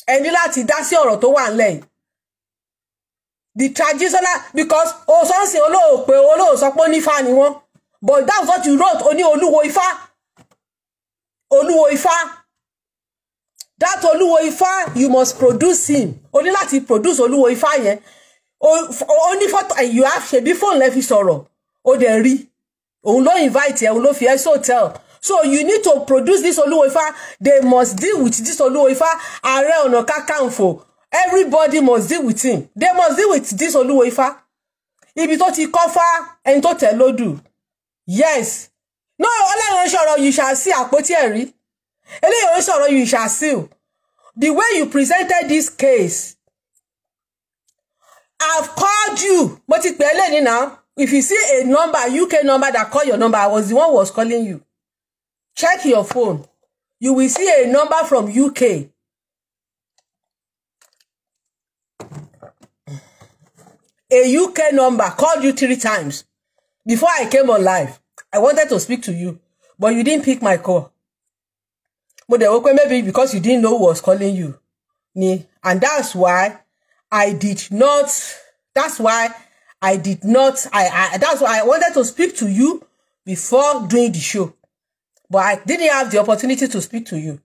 ẹ ní láti dá sí ọ̀rọ̀ tó wà ńlẹ̀ yìí the traditional because osọ́ọ̀sì olóòpè olóòsọpọ̀ nífà ni wọ́n but that's what you wrote oní olúwo ifá olúwo ifá that olúwo ifá you must produce him o ní láti produce olúwo ifá yẹn o ní fọ́tò you have ṣebí fóònù lẹ́ fi sọ̀rọ̀ o dẹ̀ rí òun ló invite ẹ̀ òun ló fi ẹ́ sọ́tẹ̀lì so you need to produce this Oluwoifa they must deal with this Oluwoifa Are Ọ̀nà Kakanfò everybody must deal with him they must deal with this Oluwoifa ibi tó ti kọ́fà ẹni tó tẹ̀ lódù yes no ọlọ́run sọ̀rọ̀ you shall see àpótí ẹ̀rí eléyìí sọ̀rọ̀ you shall see the way you presented this case I've called you. but ti pè é lẹ́ni now. If you see a number, UK number that call your number, I was the one who was calling you check your phone you will see a number from UK a UK number called you three times before I came on live I wanted to speak to you but you didn't pick my call But they wọ́n maybe because you didn't know who was calling you ni and that's why I did not that's why I did not I, I that's why I wanted to speak to you before doing the show but I didn't have the opportunity to speak to you.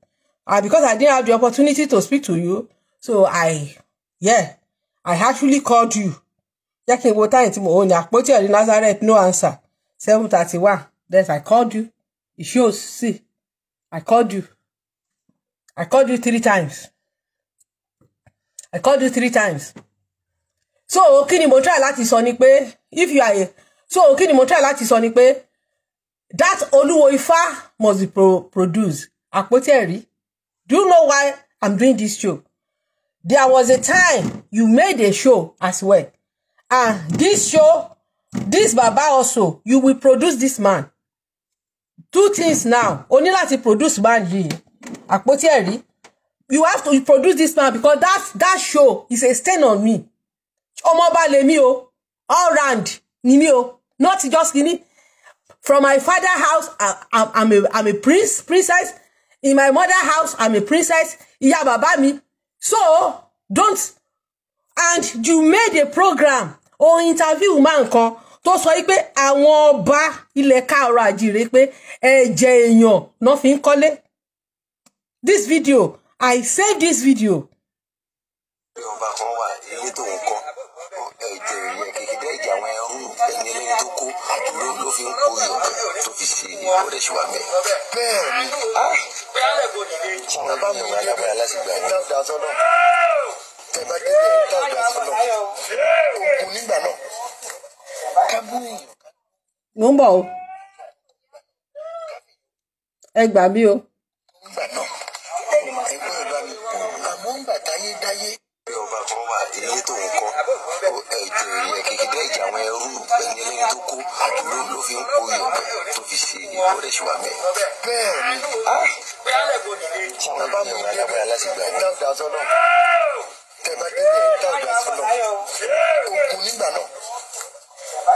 Uh, because I didn't have the opportunity to speak to you, so I, yeah, I actually called you. Jẹ́ kí n wo táyì tí mo Nazareth no answer seven thirty one then I called you it shows see I called you I called you three times I called you three times so kí ni mo try láti sọ ni if you are so kí ni mo try láti sọ ni that Olúwo Ifá must be pro produced àpótí do you know why I'm doing this show there was a time you made a show as well and this show this baba also you will produce this man two things now only that láti produce man here, Akpoteri. you have to produce this man because that that show is a stain on me ọmọọba lèmi o all round ni mi o not just kini From my father house, I, I, I'm a I'm a prince princess. In my mother house, I'm a princess. Ìyá bàbá me, So don't. And you made a program or interview manko to tó sọ wípé àwọn ile ilẹ̀ káàárọ̀ àjíire pé ẹ̀jẹ̀ èèyàn náà fi This video I saved this video. Yorùbá kan wà ilé tó ń kọ́ ẹ̀jẹ̀ fi ń kó ìwà tó fi ṣe ìkórè ṣùgbà bẹ. bẹ́ẹ̀ni bàbá mi ò débẹ̀ dáadáa sọ́nà tẹ̀bá débẹ̀ dáadáa sọ́nà ògùn nígbà náà kábúrì. mo ń bọ̀ o ẹ gbà mí o. nígbà náà ẹgbẹ́ ìbámu àmọ́ ń gbà táyé dáyé eré tó ń kọ ẹjọ kékeré ẹjẹ àwọn ẹrú ẹni ẹlẹni tó kó ló ló fi ń kó yọpẹ tó fi ṣe ìwọlé ṣùgbọ́n bẹ́ẹ̀. bẹ́ẹ̀ni sábà ah! mi ò débẹ̀ dáadáa sọ́nà tẹ̀bá débẹ̀ dáadáa sọ́nà ogun nígbà náà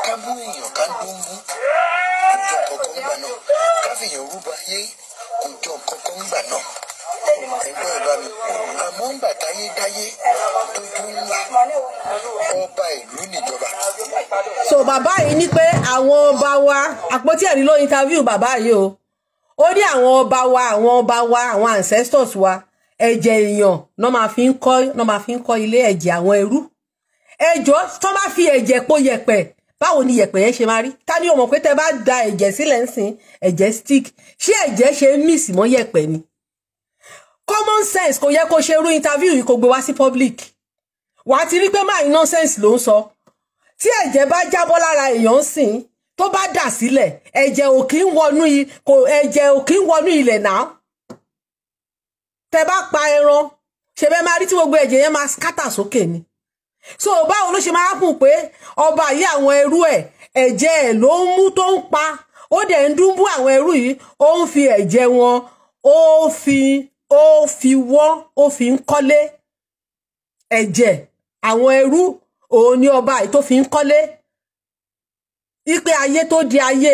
ká èèyàn ká ló ń jọ kankan nígbà náà ká rúbọ ayé kò jọ kankan nígbà náà ẹgbẹ́ ìbámi àmọ́ ń bàtà yé dáyé tó dún ọba ìlú níjọba. so bàbá yìí ní pé àwọn ọba wa àpótí ẹ̀rí ló interview bàbá yìí o ó ní àwọn ọba wa àwọn ọba wa àwọn ancestors wa ẹ̀jẹ̀ èèyàn náà máa fi ń kọ́ náà máa fi ń kọ́ ilé ẹ̀jẹ̀ àwọn ẹrú ẹjọ́ tó bá fi ẹ̀jẹ̀ po yẹ̀pẹ̀ báwo ni yẹ̀pẹ̀ yẹn ṣe máa rí ta ni o mọ̀ pé tẹ bá da ẹ̀jẹ̀ sílẹ̀ ń sìn ẹ̀jẹ̀ stick ṣé ẹ̀jẹ̀ ṣe mix mọ́ yẹ̀pẹ̀ ni common sense kò yẹ kó ṣe irú interview yìí kò gbé wá sí public wàá ti rí pé máa ní nonsense ló ń sọ tí ẹ̀jẹ̀ bá jábọ́ lára èèyàn ń sìn tó bá dà sílẹ̀ ẹ̀jẹ̀ ò kí ń wọnú kò ẹ̀jẹ̀ ò kí ń wọnú ilẹ̀ náà tẹ bá pa ẹran ṣẹbẹ máa rí tí gbogbo ẹ̀jẹ̀ yẹn máa scatter sókè ni so báwo ló ṣe máa hàpùn pé ọba yìí àwọn ẹrú ẹ̀ ẹ̀jẹ̀ ẹ̀ ló ń mú tó ń pa ó dẹ̀ ń dúnbú àwọn ẹrú yìí ó ń fi ẹ̀jẹ̀ wọn ó fi ó fi wọ́n ó fi ń kọ́lé ẹ̀jẹ̀ àwọn ẹrú òun ni ọba yìí tó fi ń kọ́lé ipe ayé tó di ayé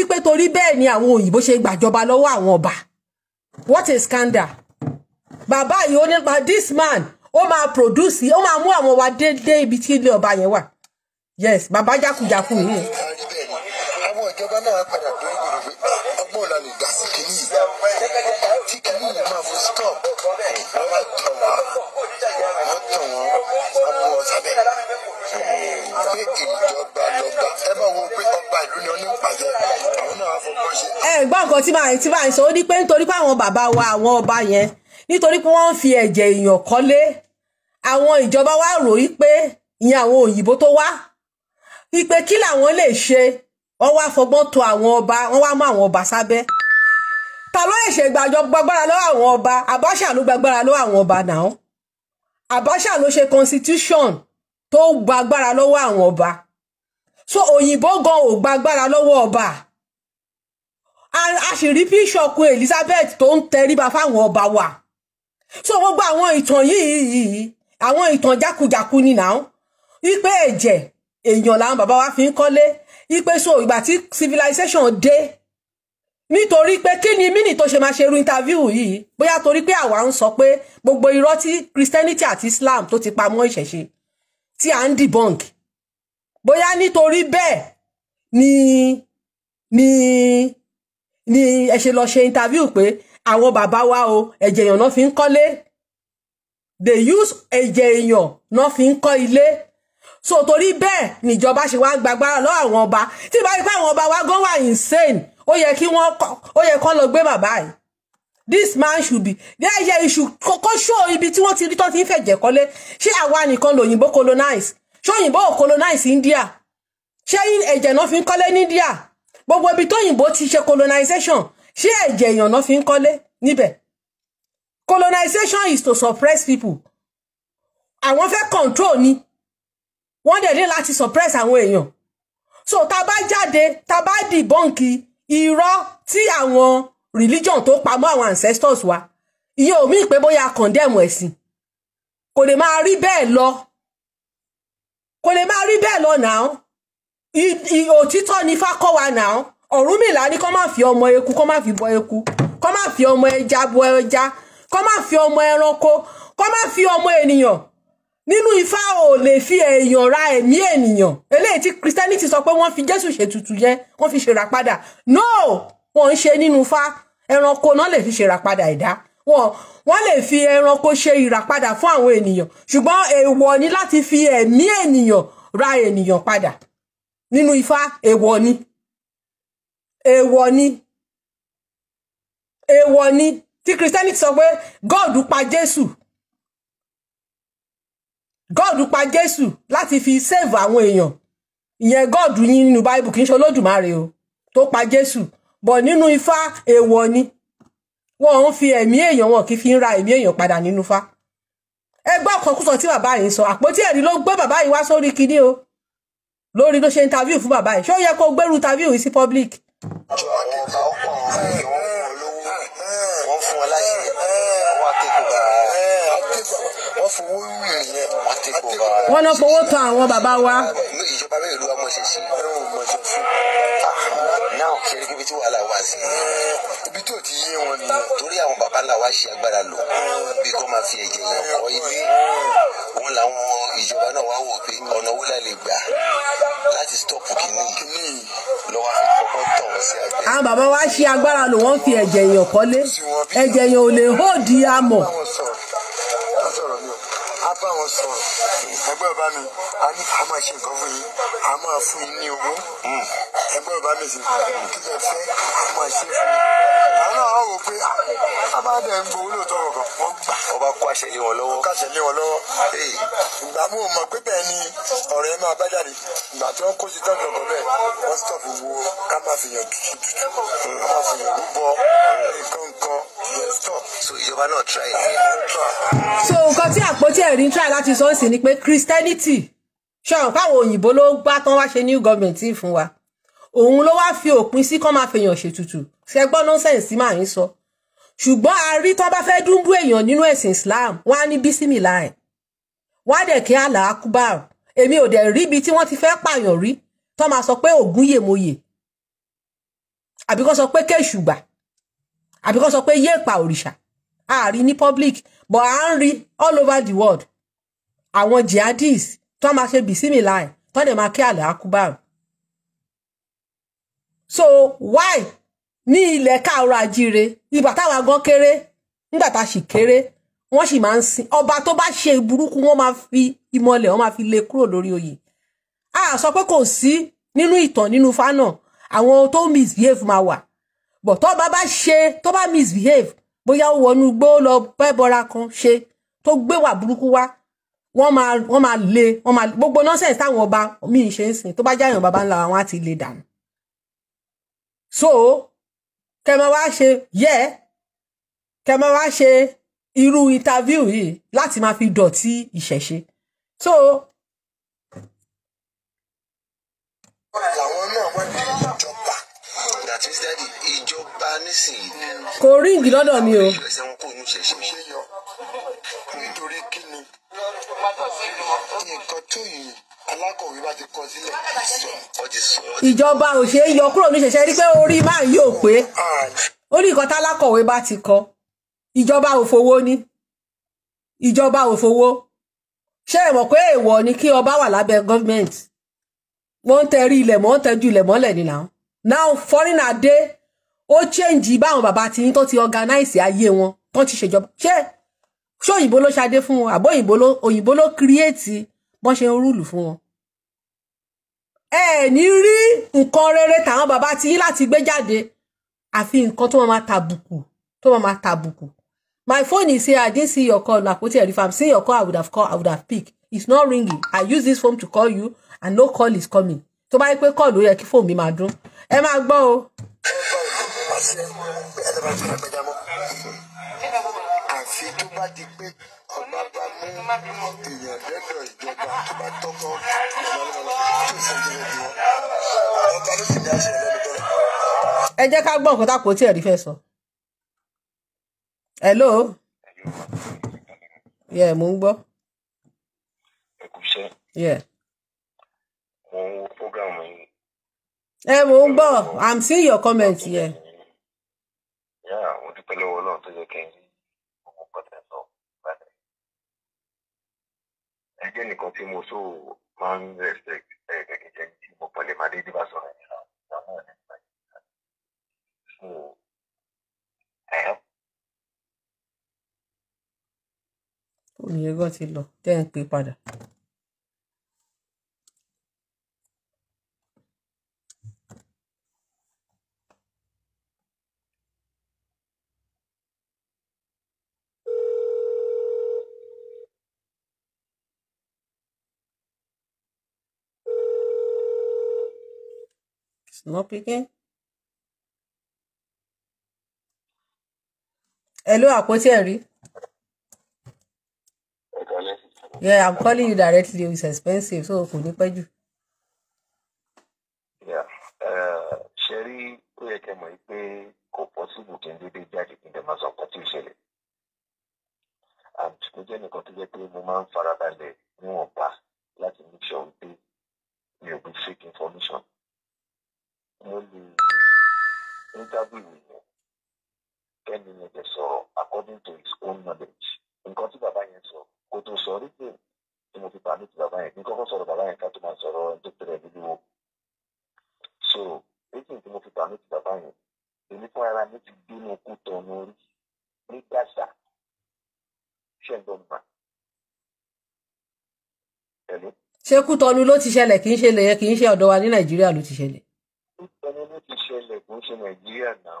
ipe torí bẹ́ẹ̀ ni àwọn òyìnbó ṣe gbàjọba lọ́wọ́ àwọn ọba what a scandal bàbá yìí ó nípa this man ó máa produce ó máa mú àwọn wa déédéé ibi tí ilé ọba yẹn wà yes bàbá jákujàku yìí. àwọn ìjọba náà padà dórí gbòdògbé ọgbọ́n ọ̀la lè dá sí kìíní máa fún stop wọ́n máa tàn wá wọ́n tàn wọ́n abú wọn sábẹ́ hmm. pé ìjọba lọ́ba ẹ bá wo pé ọba ìlú ni onípàdé àwọn náà fọgbọ́n ṣe. ẹ gbọ́ nǹkan tí màá tí màá sọ ó ní pé nítorí pé àwọn bàbá wa àwọn ọba yẹn nítorí pé wọ́n ń fi ẹ̀jẹ̀ èèyàn kọ́lé àwọn ìjọba wa rò í pé ìyẹn àwọn òyìnbó tó wá wípé kí làwọn lè ṣe wọ́n wá fọgbọ́n to àwọn ọba wọ́n wá mú àwọn ọba sábẹ́ ta ló ṣẹ̀ṣẹ̀ gbàjọ gbàgbára lọ́wọ́ àwọn ọba Abacha ló gbàgbára lọ́wọ́ àwọn now náà Abacha ló ṣe constitution to gbàgbára lọ́wọ́ àwọn ọba so òyìnbó gan ò gbàgbára lọ́wọ́ ọba a sì rí bíṣọ̀kù Elizabeth tó ń tẹríba fáwọn ọba wa so gbogbo àwọn ìtàn yìí yìí àwọn ìtàn jákujàku ni náà wípé ẹ̀jẹ̀ èèyàn làwọn bàbá wa fi ń kọ́lé so ìgbà tí civilization dé nítorí pé kí ni mínì tó ṣe máa ṣe irú interview yìí bóyá torí pé àwa ń sọ pé gbogbo irọ́ tí Christianity àti Islam tó ti pa mọ́ ìṣẹ̀ṣe tí à ń debunk bóyá nítorí bẹ́ẹ̀ ni ni ni ẹ ṣe lọ ṣe interview pé àwọn bàbá wa o ẹ̀jẹ̀ èèyàn náà fi ń kọ́lé they use ẹ̀jẹ̀ èèyàn náà fi ń kọ́ ilé so torí bẹ́ẹ̀ níjọba ṣe wá ń gbagbára lọ́wọ́ àwọn ọba tí ìbá rí pé àwọn ọba wa gan wà insane ó yẹ kí wọ́n ó yẹ kán lọ gbé bàbá yìí this man should be there yẹ iṣu kó ṣó ibi tí wọ́n ti rí tó ti ń fẹ̀jẹ̀ kọ́lé ṣé àwa nìkan lòyìnbó colonize ṣé òyìnbó ò colonize India ṣé ẹ̀jẹ̀ náà fi ń kọ́lé ní India gbogbo ibi tóyìnbó ti ṣe colonization ṣé ẹ̀jẹ̀ èèyàn náà fi ń kọ́lé níbẹ̀ colonization is to suppress people àwọn fẹ́ control ni wọ́n dẹ̀ ní láti suppress àwọn èèyàn so tá a bá jáde tá a bá dìbọ́ǹkì irọ́ tí àwọn religion tó pamọ́ àwọn ancestors wa ìyẹn ò mí pé bóyá condemn ẹ̀sìn kò lè máa rí bẹ́ẹ̀ lọ kò lè máa rí bẹ́ẹ̀ lọ nàá òtítọ́ ni fákọ́ wa nàá Ọ̀rúnmìlà ní kó má fi ọmọ eku kó má fi bọ eku kó má fi ọmọ ẹja bọ ẹja kó má fi ọmọ ẹranko kó má fi ọmọ ènìyàn nínú ifá ò lè fi èèyàn ra ẹ̀mí ènìyàn eléyìí tí christianity sọ pé wọ́n fi jésù ṣètùtù jẹ wọ́n fi ṣèràpadà no wọ́n ń ṣe nínú ifá ẹranko náà lè fi ṣèràpadà ẹ̀dá wọn wọ́n lè fi ẹranko ṣe ìràpadà fún àwọn ènìyàn ṣùgbọ́n èèwọ̀ ni láti fi ẹ̀mí ènìyàn ra ènìyàn padà nínú ifá èèwọ̀ ni èèwọ̀ ni èèwọ̀ ni tí christianity sọ pé god pa jésù God pa Jésù láti fi save àwọn èèyàn ìyẹn God yín nínú Bible kì í ṣe Olódùmarè o tó pa Jésù bọ̀ nínú Ifá èèwọ̀ ni wọn ò ń fi ẹ̀mí èèyàn wọn kì í fi ń ra ẹ̀mí èèyàn padà nínú Ifá ẹgbẹ́ ọ̀kankúsọ tí bàbá yìí sọ àpótí ẹ̀rí ló gbé bàbá yìí wá sórí kinní o lórí ló ṣe interview fún bàbá yìí ṣó yẹ kó gbẹ́rù interview yìí sí public. wọ́n ní ká ọkàn rẹ̀ wọ́n fún wọ́n fowó rìn yẹn wọ́n náà fowó tan àwọn bàbá wa. stop kìíní àwọn bàbá wa ṣe agbára lò wọ́n fi ẹ̀jẹ̀ yàn kọ́lé ẹ̀jẹ̀ yàn ò lè hóòdì amọ̀ bá wọn sọ̀rọ̀ ẹgbẹ́ ọba mi a ní a máa ṣe nǹkan fún yín a máa fún yín ní owó ẹgbẹ́ ọba mi sì kí lè fẹ́ a máa ṣe fún yín àwọn náà wò pé abáde ah, ń gbowó lóòótọ́ ọ̀kan wọ́n gbà. ọba kó àṣẹ lé wọn lọ́wọ́. kó àṣẹ lé wọn lọ́wọ́ ìgbà mo mọ̀ pé bẹ́ẹ̀ ni ọ̀rọ̀ ẹ máa bá jáde ìgbà tí wọ́n kó sí tọ́jú ọ̀gọ́ bẹ́ẹ̀ wọ́n stọ̀pù wo ká máa fi yàn tutù ká máa fi yàn rúbọ nǹkan nǹkan yẹn stọ̀. so ìjọba náà try so nǹkan tí àpótí ẹ̀rí fi ń try láti sọ sí ni pé Christianity ṣọ̀rọ̀ káwọn òyìnbó ló gbá tán wá ṣe new government tí fún wa òun ló wá fi òpin sí kán máa fèèyàn ṣètùtù ṣẹgbọ́n nọ́sẹ̀nsì máa ń sọ ṣùgbọ́n a rí tán bá fẹ́ dúnbú èèyàn nínú ẹ̀sìn Islam wọ́n á ní bísímì láì wọ́n á dẹ̀ kí àlà akúbà èmi ò dẹ̀ rí ibi tí wọ́n ti fẹ́ pààyàn rí tán máa sọ pé ògún yè mo yè àbí kán sọ pé kéṣùgbà àbí kán sọ pé yéèpà òrìṣà a rí ní public but à ń rí all over the world àwọn jihadis tó máa ṣe bìsímì láì tó dẹ̀ máa kí àlẹ́ àkúbà. so why ní ilẹ̀ káàrọ̀ àjíire ibà táwa gan kéré nígbà tá a sì kéré wọ́n sì máa ń sin ọba tó bá ṣe burúkú wọ́n máa fi ìmọ̀lẹ̀ wọ́n máa fi lé kúrò lórí oyè a sọ pé kò sí nínú ìtàn nínú fánà àwọn tó misbehave máa wà bọ̀ tó bá bá ṣe tó bá misbehave bóyá ó wọnú gbó lọ bẹ́bọra kan ṣe tó gbé wà burúkú wá wọ́n máa wọ́n máa le wọ́n máa gbogbo nọ́sẹ̀nsì táwọn ọba mi ì ṣe ń sìn tó bá jáyàn bàbá ńlá wa á ti le dànù. so kẹmọ wá ṣe yẹ kẹmọ wá ṣe irú interview yìí láti máa fi dọ̀tí ìṣẹ̀ṣe. so. kò ríǹgì lọ́dọ̀ mi o nǹkan tó yìí alákọ̀wé bá ti kọ sílẹ̀ ìjọba ò ṣe é yọ kúrò ní ṣẹ̀ṣẹ̀ rí pé orí máa ń yóò pé ó ní nǹkan tálákọ̀wé bá ti kọ ìjọba ò fowó ní ìjọba ò fowó ṣé ẹ mọ̀ pé èèwọ̀ ni kí ọba wà lábẹ́ gọ́ọ̀mẹ̀ntì wọ́n ń tẹrí ilẹ̀ mọ́ ń tẹ́jú ilẹ̀ mọ́lẹ̀ nìlà now foreigner dé ó change báwọn bàbá tí yín tó ti organize ayé wọn tó ti ṣèjọba ṣé ṣé òyìnbó ló ṣadé fún wọn àbó òyìnbó ló òyìnbó ló kírìẹ́tì bọ́n ṣe ń rúùlù fún wọn. ẹ ní rí nǹkan rere tàwọn bàbá ti yín láti gbé jáde àfi nǹkan tó máa tàbùkù tó máa tàbùkù. my phone is here i didn't see your call lakoti like, erifam see your call i would have call i would have pick it's not ringing i use this phone to call you and no call is coming tó bá yẹ pé kọ́ọ̀lù yẹ kí fóònù mi máa dún ẹ máa gbọ́ o bá di pé ọba bá mú èèyàn lẹ́dọ̀ ìjọba tó bá tọ́kọ́ ẹ jẹ́ ká gbọ́ nǹkan tá kò tí ẹ̀rí fẹ́ sọ. hello. yẹ mò ń gbọ́. ẹ kò ṣe. yẹ. mo ń wo program yìí. ẹ mò ń gbọ́ i'm seeing your comment yẹ. yà wọ́n dúpẹ́ lọ́wọ́ náà tó yẹ kí ẹ jẹ́ nìkan tí mo so máa ń respect ẹ gẹ́gẹ́ jẹ́ tí mo pọ̀ lè máa dé dìbà sọ̀rọ̀ yìí náà ìgbà náà ní ìgbà yìí náà so ẹ. olùyẹ̀gọ́ ti lọ jẹ́ ń pè padà. them again. Hello, àpótí ẹ̀rí. Yeah, I'm calling you directly. It's expensive, so kò ní pẹ́ jù. Uh, ṣé rí ó yẹ kẹ́ mọ̀ pé kò pọ́sibù kí n dédé jáde kí n dẹ̀ máa sọ nǹkan tí ò ṣẹlẹ̀. Àtúntò jẹ́ nǹkan tó jẹ́ pé mo máa ń farabalẹ̀ níwọ̀nba láti make sure pé mi ò gbé fake information mo lè interview yẹn kẹ́ni yẹn lè sọ̀rọ̀ according to his own knowledge ṣé ń ló ti ṣẹlẹ̀ kì í ṣe lè kì í ṣe ọ̀dọ̀ wa ní Nàìjíríà ló ti ṣẹlẹ̀ tó ti ṣẹlẹ̀ kò ń ṣe nàìjíríà náà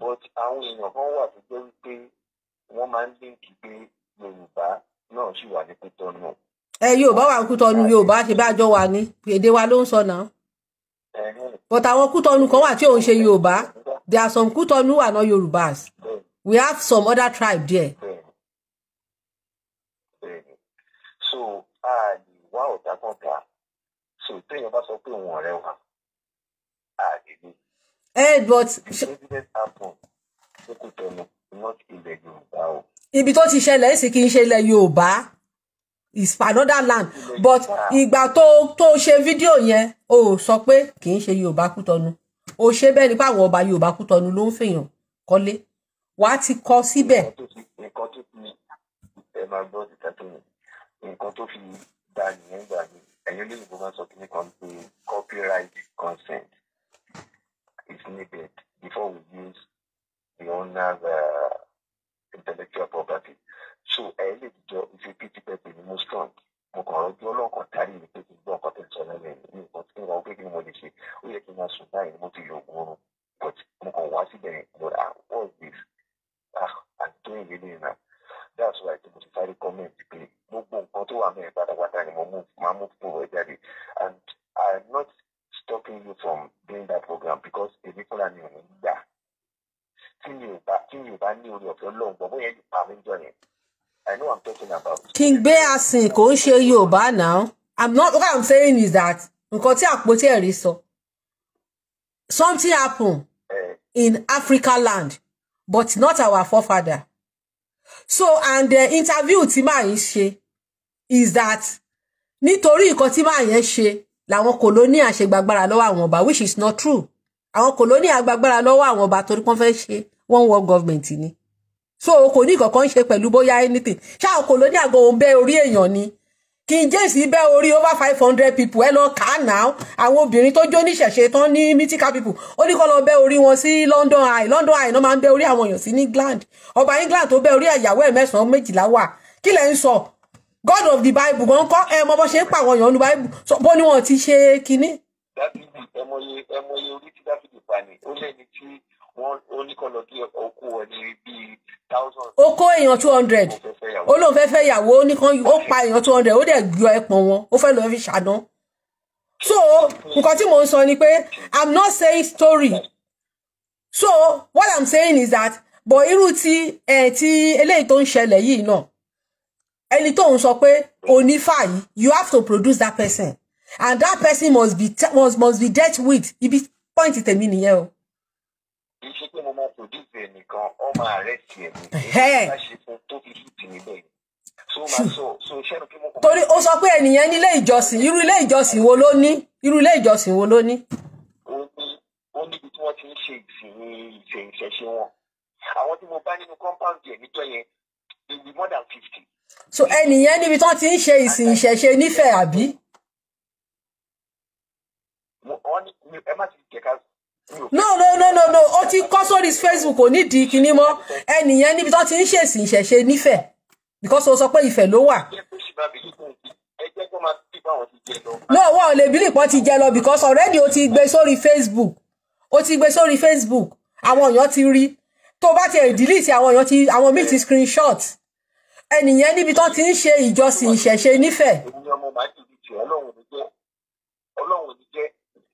but àwọn èèyàn kan wà tó jẹ́ wípé wọ́n máa ń dínkì pé yorùbá náà ṣì wà ní kútọ́nù. ẹ yorùbá wà ní kútọ́nù yorùbá ṣe bá jọ wà ní èdè wa ló ń sọ náà but àwọn kútọ́nù kan wà tí òun ṣe yorùbá there are some kútọ́nù wà náà yorùbás we have some other tribe there. so a lè wá ọ̀tá kan kà so téèyàn bá sọ pé òun ọ̀rẹ́ wa àdédé. Eh, but. the president happen ó kò tẹnu not ilẹ̀ yorùbá o. ibi tó ti ṣẹlẹ̀ èsì kì í ṣe yorùbá is another land but ìgbà tó tó ṣe fídíò yẹn o sọ pé kì í ṣe yorùbá kú tọnu o ṣe bẹ́ẹ̀ nípa àwọn ọba yorùbá kú tọnu ló ń fèèyàn kọ́lé wàá ti kọ́ síbẹ̀. nǹkan tó fi ẹ máa gbọ́ títà tó yẹn nǹkan tó fi dá nìyẹn gbà mí ẹ̀yin olóyìnbó máa sọ kí ní kan pé copyright consent is needed before we use the owner's uh, intellectual property. So ẹ̀ẹ́dẹ̀ ìjọ ìfipìtì pẹ̀pẹ̀ ni mo strong. Mo kàn rọ́jú ọlọ́kàn tàrí mi pé kí n gbọ́ ọkọ tẹ̀ sọ lẹ́nu ẹ̀mí ní nǹkan tí wọ́n pé kí mo lè ṣe. Ó yẹ kí n máa sùn báyìí mo ti yọ oògùn oorun. But mo kàn wá síbẹ̀ but King Bayasin kò ń ṣe Yorùbá now i'm not what i'm saying is that nǹkan tí àpótí ẹ̀rí So, something happen in Africa land but not our forefather so and the interview tí màá yín ṣe is that Nitori nǹkan tí màá yẹn ṣe làwọn colonial ṣe gbàgbára lọ́wọ́ àwọn ọba which is not true àwọn colonial gbàgbára lọ́wọ́ àwọn ọba torí wọ́n fẹ́ ṣe wọ́n wọ gọ́ọ̀mẹ̀ntì ni so kò ní kankan ṣe pẹ̀lú bóyá anything ṣá o kò ló ní àgọ́ òun bẹ́ orí èèyàn ni King James bẹ́ orí over five hundred people ẹ lọ kà á nà án àwọn obìnrin tó jó níṣẹ̀ṣe tán ní mythical people ó ní kó lọ bẹ́ orí wọn sí London Eye London Eye náà máa ń bẹ́ orí àwọn èèyàn sí ní England ọba England tó bẹ́ orí ìyàwó ẹ̀ mẹ́sàn-án méjìlá wà kí lẹ́ ń sọ God of the Bible gan kọ́ ẹ mọ bó ṣe ń pa àwọn èèyàn nu Bible bó ni wọn ti ṣe kinní. dáfídì ẹmọye ẹmọye orí tí dáfídì pa ni ó lẹ́ni tí wọ́n ó ní kó lọ gé òkú wọn ó kó èèyàn two hundred ó lóun fẹ́ fẹ́ yàwó ó nìkan ó pa èèyàn two hundred ó dẹ̀ yọ ẹpọ̀n wọn ó fẹ́ lọ́ọ́ fi ṣàná. so nǹkan tí mò ń sọ ni pé i'm not saying story so what i'm saying is that but irú ti ẹ̀ ti eléyìí tó ń ṣẹlẹ̀ yìí náà ẹni tó ń sọ pé onífà yìí you have to produce that person and that person must be must must be dealt with ibi point tèmi nìyẹn o. kì gan ọ máa arrest ẹ̀ mi. èyí máa ṣe fún tó fi ṣùtì níbẹ̀ torí ó sọ pé ènìyàn ní ilé ìjọsìn irú ilé ìjọsìn wo ló ní irú ilé ìjọsìn wo ló ní. ó ní ó tí wọ́n ti ń ṣe ìsìn ìṣẹ̀ṣe wọn àwọn tí mo bá nínú compound yẹn níjọ́ yẹn will more than fifty. so ẹnìyẹn níbi tí wọ́n ti ń ṣe ìsìn ìṣẹ̀ṣe nífẹ̀ẹ́ àbí. wọ́n ní ẹ má ti jẹ̀ka no no no no no ó ti kọ́ sórí facebook kò di kinní mọ́ ẹnìyẹn níbi tó ti ń ṣèsìn ìṣẹ̀ṣe nífẹ̀ẹ́ because o sọ pé ìfẹ́ ló wà. no wọn ò lè bílì pọ́n ti jẹ lọ because already o ti gbé sórí facebook o ti gbé sórí facebook àwọn èèyàn ti rí tó bá ti delete àwọn èèyàn ti àwọn míì ti screenshot ẹnìyẹn níbi tó ti ń ṣe ìjọsìn ìṣẹ̀ṣe nífẹ̀ẹ́. ọlọ́run ò ní jẹ́ ọlọ́run ò ní jẹ́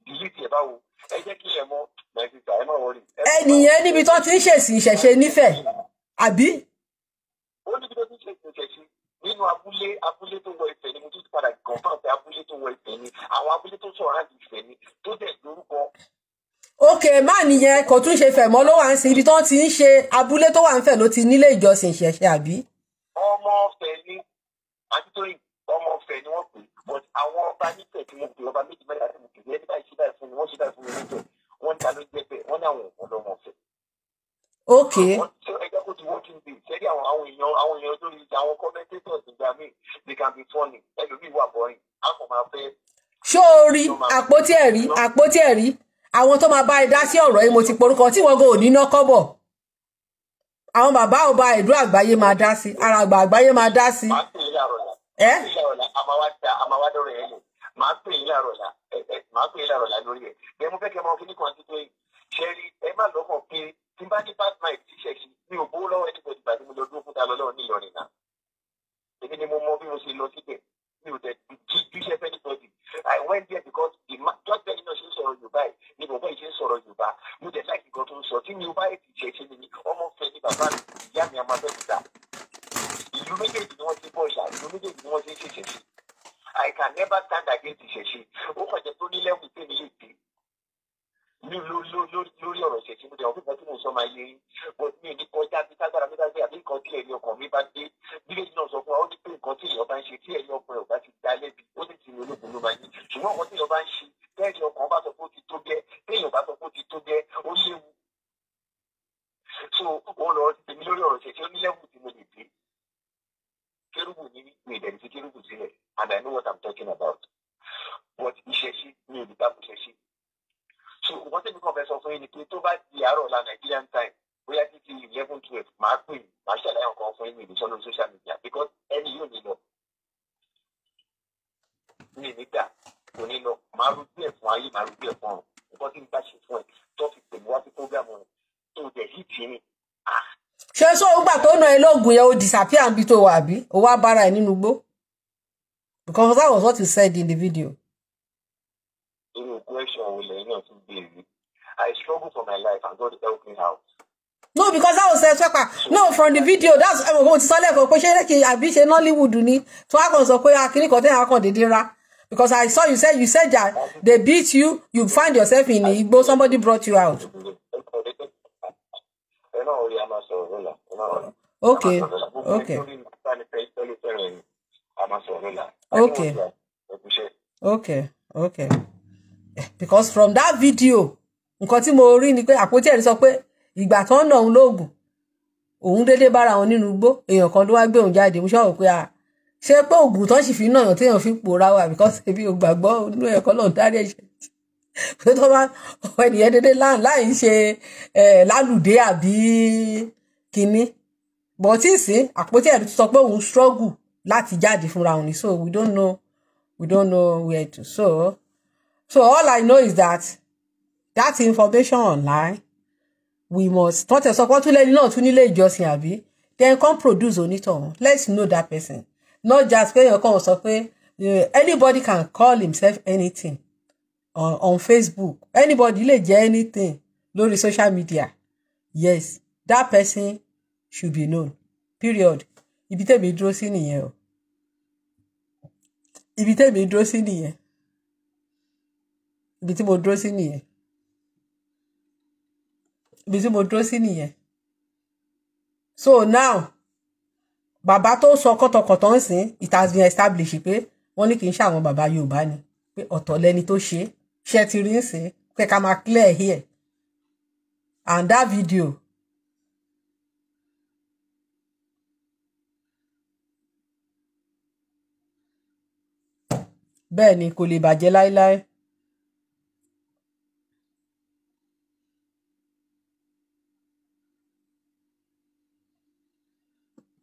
delete ẹ̀ báwo ẹ jẹ́ kí yẹn mọ́ mẹ́sìtà ẹ má wọrí. ẹnìyẹn níbi tó ti ń ṣèṣì ìṣẹ̀ṣe nífẹ̀ẹ́ àbí. ó níbi tó ti ń ṣèṣì ìṣẹ̀ṣe nínú abúlé abúlé tó wọ Ifẹ̀ ni mo tún ti padà confam pé abúlé tó wọ Ifẹ̀ ni àwọn abúlé tó sọ àǹdí Ifẹ̀ ni tó dẹ̀ lórúkọ. ok má nìyẹn kò tún ṣe fẹ̀ mọ́ ló wà ń sin ibi tó ti ń ṣe abúlé tó wà ń fẹ̀ ló ti nílé ìjọsìn ìṣẹ̀ṣe àbí. ọmọ ọ̀fẹ́ ni but àwọn ọba nípẹ̀ tí mo pè ọba méjì mẹ́ta tí mo pè ní ẹ̀dá ìṣẹ́dá ìfún mi wọ́n ṣẹ́dá ìfún mi nípẹ̀ wọ́n ta ló jẹ́ bẹ́ẹ̀ wọ́n ní àwọn òkú lọ́mọ ọ̀fẹ́. ok. àwọn èèyàn àwọn èèyàn àwọn commentators ìgbà míì they can be funny ẹlòmíì wà bọ́rin a kò máa fẹ́. ṣó o rí àpótí ẹ̀rí àpótí ẹ̀rí àwọn tó máa bá ẹ dá sí ọ̀rọ̀ yìí mo ti porúkọ tí wọ́n go ò ní ná kọ́bọ̀ àwọn bàbá ọba ẹ̀dùn àgbáyé máa dá sí ara àgbà àgbáyé máa dá sí. máa pè ìlàrọ̀là eh? a máa wá da a máa wá dọ̀rọ̀ yẹn lò máa pè é ìlàrọ̀là máa pè é ìlàrọ̀là lórí ẹ̀ bẹ́ẹ̀ mo fẹ́ kẹ́ máa fi ní kọ́ńtítọ́ yìí ṣe rí ẹ má lọ́kàn pé tí bá ní bad mind ti ṣe sí mi ò gbowó lọ́wọ́ ẹnìkan ìgbà tí mo lọ dúró fúnta lọ́lọ́run ní Ìlọrin náà èmi ni mo mọ bí mo ṣe lọ síbẹ̀ mi ò tẹ̀ jí jíṣẹ́ fẹ́ nítorí I went there because the man just bẹ́ẹ̀ ni náà ṣe ń sọ̀rọ̀ Yorùbá ẹ̀ ni bọ̀bọ̀ yìí ṣe ń sọ̀rọ̀ Yorùbá mo tẹ̀ láì nǹkan tó ń sọ tí mi ò bá ètì ṣe ṣe ni ọmọ fẹ́ ni bàbá mi ìyá mi àmọ́ abẹ́kúta ìlú méjèèjì ni wọ́n ti bọ̀ ṣà ìlú méjèèjì ni wọ́n ti ṣèṣe sí I can never stand against ìṣẹ̀ṣe ó kàn jẹ́ tó ní lẹ́wù pé mi lè dé ní lórí ọ̀rọ̀ ìṣẹ̀ṣe mi dẹ̀ ọ̀gbìn kan tí mo sọ máa yé bọ̀ mi ò ní kọjá bí tágbára mi bá gbé àbí nǹkan tí ẹ̀yìn ọkàn mi bá gbé bíbélì náà sọ fún wa ó ní pé nǹkan tí èèyàn bá ń ṣe tí ẹ̀yìn ọkàn ẹ̀ bá ti dá lẹ́bi ó ní tìrì ológun ló máa yí ṣùgbọ́n nǹkan tí èèyàn bá ń ṣe tẹ́ẹ̀yìn ọkàn bá sọ pé ó ti tó gẹ́ téèyàn bá sọ pé ó ti tó gẹ́ ó léwu so ó lọ èmi lórí ọ̀rọ̀ ìṣẹ̀ṣe ó ní lẹ́wù tí mo lè dé kérúbù ní mi ìdẹ̀ni sí kérúbù sílẹ̀ and I know what I'm talking about but iṣẹ́ ṣí mi ò lè bá kó so nǹkan tẹ́mi kan fẹ́ sọ fún yín ni pé tó bá di àárọ̀ la Nigerian time bóyá títí eleven twelve màá pè yín màá ṣàlàyé nǹkan fún yín mi ìdí social media because ẹni yóò ní lọ mi nígbà kò ní lọ màá rúgbí ẹ̀ fún ayé màá rúgbí ẹ̀ fún ọ̀run nǹkan tí n bá ṣe fún ẹ tó fi pè mí wá sí program ọ̀run tó dẹ̀ hìtì mi ṣé sọ ògbà tó na ẹ lóògùn yẹn disappear níbi tó wà bí ó wá bára ẹ nínú igbó because that was what you said in the video. irú question wo lẹ́yìn náà tún béèrè I struggle for my life and God help me out. no because that was ẹ sẹ́pà no from the video that's ẹ mọ̀ ti sọ lẹ́kọ̀ọ́ pé ṣé kì í àbí ṣe Nollywood ni tí wọ́n á kàn sọ pé akínní ah, kan tẹ́yà kan dédé rá because I saw you said you said that they beat you you find yourself in igbo somebody brought you out náà orí a máa sọ̀rọ̀ lọ́la. ok ok ok ok ok because from that video nǹkan tí mo rí ni pé àpótí ẹ̀rí sọ pé ìgbà tó ń nà òun lóògùn òun déédéé bára wọn nínú igbó èèyàn kan ló wá gbé òun jáde mo ṣọ́ọ̀ pé a ṣé pé oògùn tó ń sì fi náà téèyàn fi pòórá wà because ebi ò gbàgbọ́ inú ẹ̀kọ́ náà dárí ẹ̀ṣẹ̀ pé tó bá ẹnìyẹn dédé láì ṣe lálùdé àbí kínní but ìsín àpótí ẹ̀rí tó sọ pé òun struggle láti jáde fúnra òun ni so we don't know we don't know where to so so all I know is that that information online we must tọ́tẹ̀ sọ pé túnlẹ́ni náà tún nílé ìjọsìn àbí then come produce onítọ̀hún let's know that person not just pé èèyàn kan sọ pé eh, anybody can call himself anything on, on Facebook anybody lè jẹ́ anything lórí social media yes that person should be known period ibi tèmi dúró sí nìyẹn o ibi tèmi dúró sí nìyẹn ibi tí mo dúró sí nìyẹn ibi tí mo dúró sí nìyẹn so now bàbá tó sọ kọ́tọkọ̀tọ̀ ń sìn it has been established pé wọ́n ní kì í ṣe àwọn bàbá Yorùbá ni pé ọ̀tọ̀ lẹni tó ṣe é ṣe ti rí sí pé ká máa clear here and that video bẹ́ẹ̀ ni kò lè bàjẹ́ láéláé.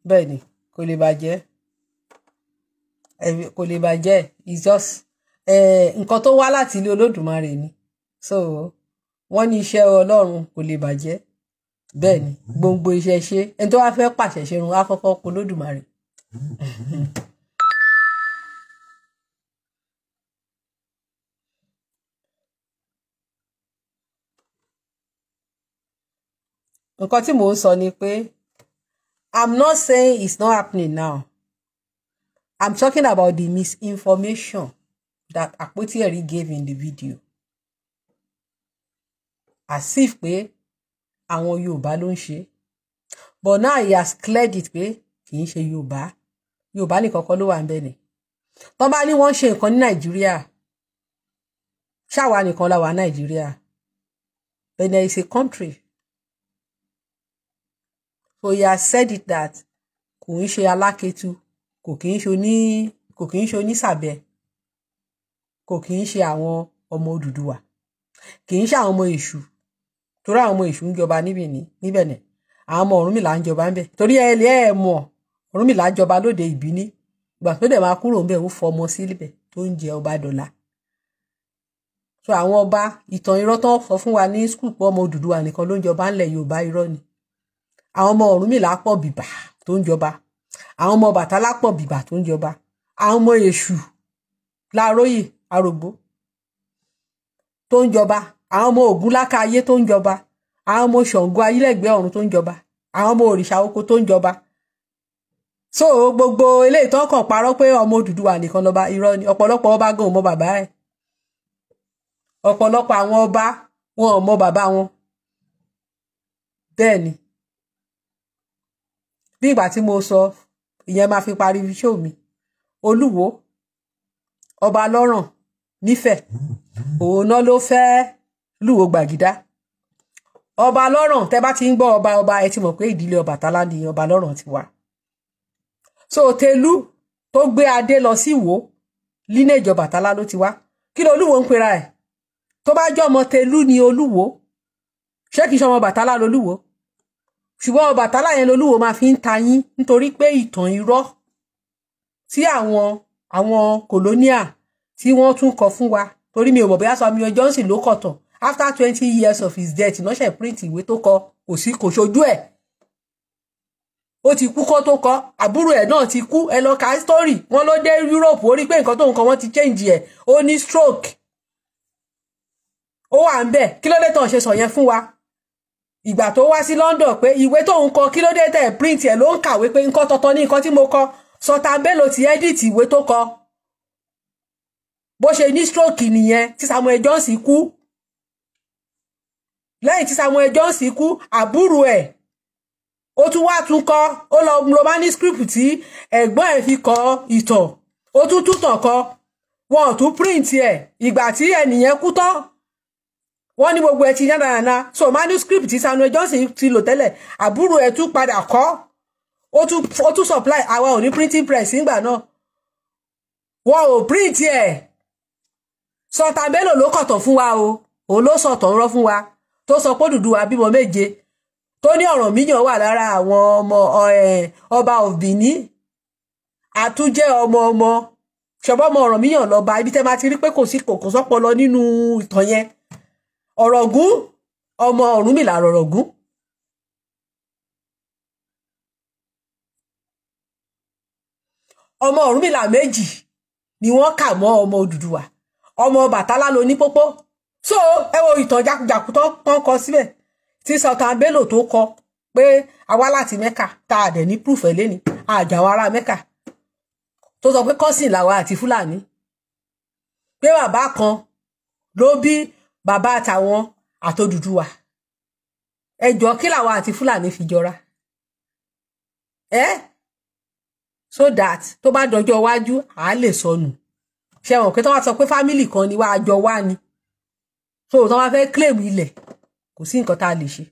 bẹ́ẹ̀ ni kò lè bàjẹ́ kò lè bàjẹ́ it's just Eh, nǹkan tó wá láti ilé olódùmarè ni so wọ́n ní iṣẹ́ ọlọ́run kò lè bàjẹ́ bẹ́ẹ̀ ni mm-hmm. gbogbo iṣẹ́ ṣe ẹni tó wá fẹ́ pàṣẹ ṣerun á kọ́kọ́ kó olódùmarè. nǹkan tí mò ń sọ ni pé i'm not saying it's not happening now i'm talking about the misinformation that Àpótíẹ̀rí gave in the video as if pé àwọn Yorùbá ló ń ṣe but now he has cleared it pé kì í ṣe Yorùbá Yorùbá nìkan kọ́ ló wà ń bẹ̀ ni tó bá ní wọ́n ṣe nǹkan ní Nàìjíríà ṣáwa nìkan la wà Nàìjíríà but there is a country so he has said it that kò ń ṣe aláketu kò kì í ṣe oní kò kì í ṣe onísàbẹ̀ kò kì í ṣe àwọn ọmọ Odùduwà kì í ṣe àwọn ọmọ èṣù torí àwọn ọmọ èṣù ń jọba níbẹ̀ ní níbẹ̀ nẹ̀ àwọn ọmọ Ọ̀rúnmìlà ń jọba níbẹ̀ torí ẹ lé ẹ mọ̀ Ọ̀rúnmìlà jọba lóde Ìbíní ìgbà tó dẹ̀ máa kúrò ńbẹ̀ ó fọmọ sílẹ̀ tó ń jẹ ọba dọ̀la so àwọn ọba ìtàn irọ́ tó sọ fún wa ní skul pọ̀ ọmọ Odùduwà nìkan ló ń jọba ńlẹ̀ Yorùbá irọ́ ni àwọn ọmọ Ọ̀rúnmìlà pọ̀ bìbà tó ń jọba àwọn ọmọ Bàtálá pọ̀ bìbà tó ń jọba àwọn ọmọ Èṣù láàróyè àrògbó tó ń jọba àwọn ọmọ ògún láká ayé tó ń jọba àwọn ọmọ ṣàngó ayílẹ̀gbẹ́ ọ̀run tó ń jọba àwọn ọmọ òrìṣà oko tó ń jọba so gbogbo eléyìí tó kàn parọ́ pé ọmọ Odùduwà nìkan lọ́ba irọ́ ni ọ̀pọ̀lọpọ̀ ọba gan ò mọ bàbá ẹ̀ ọ̀pọ̀lọpọ̀ àwọn ọba wọn ò mọ bàbá wọn bẹ́ẹ̀ ni bí ìgbà tí mo sọ ìyẹn máa fi parí ṣó mi Olúwo ọba lọ́ràn nífẹ̀ òun náà ló fẹ́ lùwò gbàgídá ọba lọ́ràn tẹ́ bá ti ń gbọ́ ọba ọba ẹ ti mọ̀ pé ìdílé Ọbàtálá ni ọba lọ́ràn ti wà so Telu tó gbé adé lọ sí Ìwó lineage Ọbàtálá ló ti wá kí ló Olúwo ń pera ẹ̀ tó bá jọ ọmọ Telu ni Olúwo ṣé kìí ṣe ọmọ Ọbàtálá lolúwo ṣùgbọ́n Ọbàtálá yẹn lolúwo máa fi ń ta yín nítorí pé ìtàn irọ́ tí àwọn àwọn kòlóníà tí wọ́n tún kọ fún wa torí mi ò mọ̀ bóyá Samuel Johnson ló kọ̀ tán after twenty years of his death náà ṣe print ìwé tó kọ kò sí kò ṣojú ẹ̀ ó ti kú kó tó kọ àbúrò ẹ̀ náà ti kú ẹ lọ ka story wọ́n ló dé Europe ó rí pé nǹkan tó ń kọ wọ́n ti change ẹ̀ ó ní stroke ó wà ń bẹ̀ kí ló dé tán ṣe sọ yẹn fún wa ìgbà tó wá sí London pé ìwé tó ń kọ kí ló dé tẹ̀ print ẹ̀ ló ń kàwé pé nǹkan tọ̀tọ̀ ní nǹkan tí mo kọ Sọ̀tàn Bello ti edit ìwé tó kọ bó ṣe ní stroke nìyẹn tí Samuel Johnson kú lẹ́yìn tí Samuel Johnson kú àbúrò ẹ̀ ó tún wá tún kọ ó lọ lo manuscript tí ẹ̀gbọ́n ẹ̀ fi kọ ìtàn ó tún tútàn kọ wọn ò tún print ẹ̀ ìgbà tí ẹnìyẹn kú tán wọ́n ní gbogbo ẹ̀ ti yán dáadáa so manuscript tí Samuel Johnson ti lò tẹ́lẹ̀ àbúrò ẹ̀ tún padà kọ ó tún ó tún supply àwa ò ní printing press nígbà náà wọn ò print ẹ̀ Sọ̀tà mélòó ló kọ̀tàn fún wa o òun ló sọ̀tàn rán fún wa tó sọ pé Odùduwà bímọ méje tó ní Ọ̀rànmíyàn wà lára àwọn ọmọ ọba of Benin àtúnjẹ́ ọmọ ọmọ ṣọ̀bọ́ ọmọ Ọ̀rànmíyàn lọ́ba ibi tẹ́ máa ti rí pé kò sí kòkó sọ́pọlọ nínú ìtàn yẹn Ọ̀rọ̀gún ọmọ Ọ̀rúnmìlà Ọ̀rọ̀gún. ọmọ Ọ̀rúnmìlà méjì ni wọ́n kà mọ́ ọmọ Odùduwà ọmọ Ọbàtálá ló ní pópó so ẹ wo ìtàn jàkújàkú tán kọ síbẹ̀ tí Sultan Bello tó kọ pé àwa láti Mẹ́kà tá a dẹ̀ ní proof ẹ̀ lẹ́ni àjàwọ̀ ará Mẹ́kà tó sọ pé kọ́sìn làwa àti Fúlàní pé bàbá kan ló bí bàbá àtàwọn àtòdùdùwà ẹjọ kí làwa àti Fúlàní fi jọra ẹ so that tó bá dọjọ́ iwájú à á lè sọnù ṣe wọn pé tó wá sọ pé fámìlì kan ni wá àjọ wá ni so tó wá fẹ́ claim ilẹ̀ kò sí nǹkan tá a lè ṣe.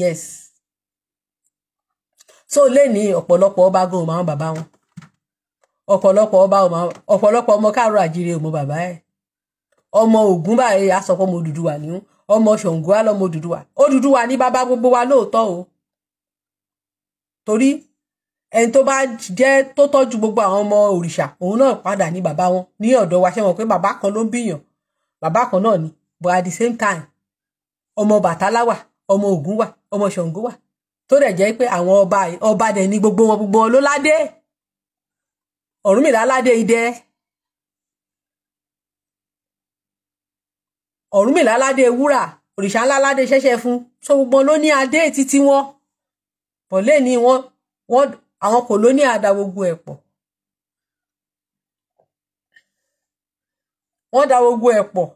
yes so lẹ́ni ọ̀pọ̀lọpọ̀ ọba gan ọmọ àwọn bàbá wọn ọ̀pọ̀lọpọ̀ ọba ọmọ ọ̀pọ̀lọpọ̀ ọmọ káàrọ̀ àjíire ọmọ bàbá ẹ̀ ọmọ Ògún báyìí asọpọ̀ ọmọ Odùduwà ni ọmọ Ṣàngó alọ́mọ Odùduwà Odùduwà ní bàbá gbogbo wa lóòótọ́ o torí ẹni tó bá jẹ́ tó tọ́jú gbogbo àwọn ọmọ òrìṣà òun náà padà ní bàbá wọn ní ọ̀dọ̀ wa ṣe mọ̀ pé bàbá kan ló ń bíyàn bàbá kan náà ni but at the same time ọmọ bàtálá wà ọmọ ògún wà ọmọ ṣàngó wà tó dẹ̀ jẹ́ pé àwọn ọba ọba dẹ̀ ní gbogbo wọn gbogbo wọn ló ládé ọ̀rúnmìlà ládé idẹ ọ̀rúnmìlà ládé wúrà òrìṣà ńlá ládé ṣẹ̀ṣẹ̀ fún so gbogbo wọn ló ní adé títí wọn bọ̀ lẹ́ni wọ́n wọ́n àwọn kòlóní àdá gbogbo ẹ̀ pọ̀ wọ́n da gbogbo ẹ̀ pọ̀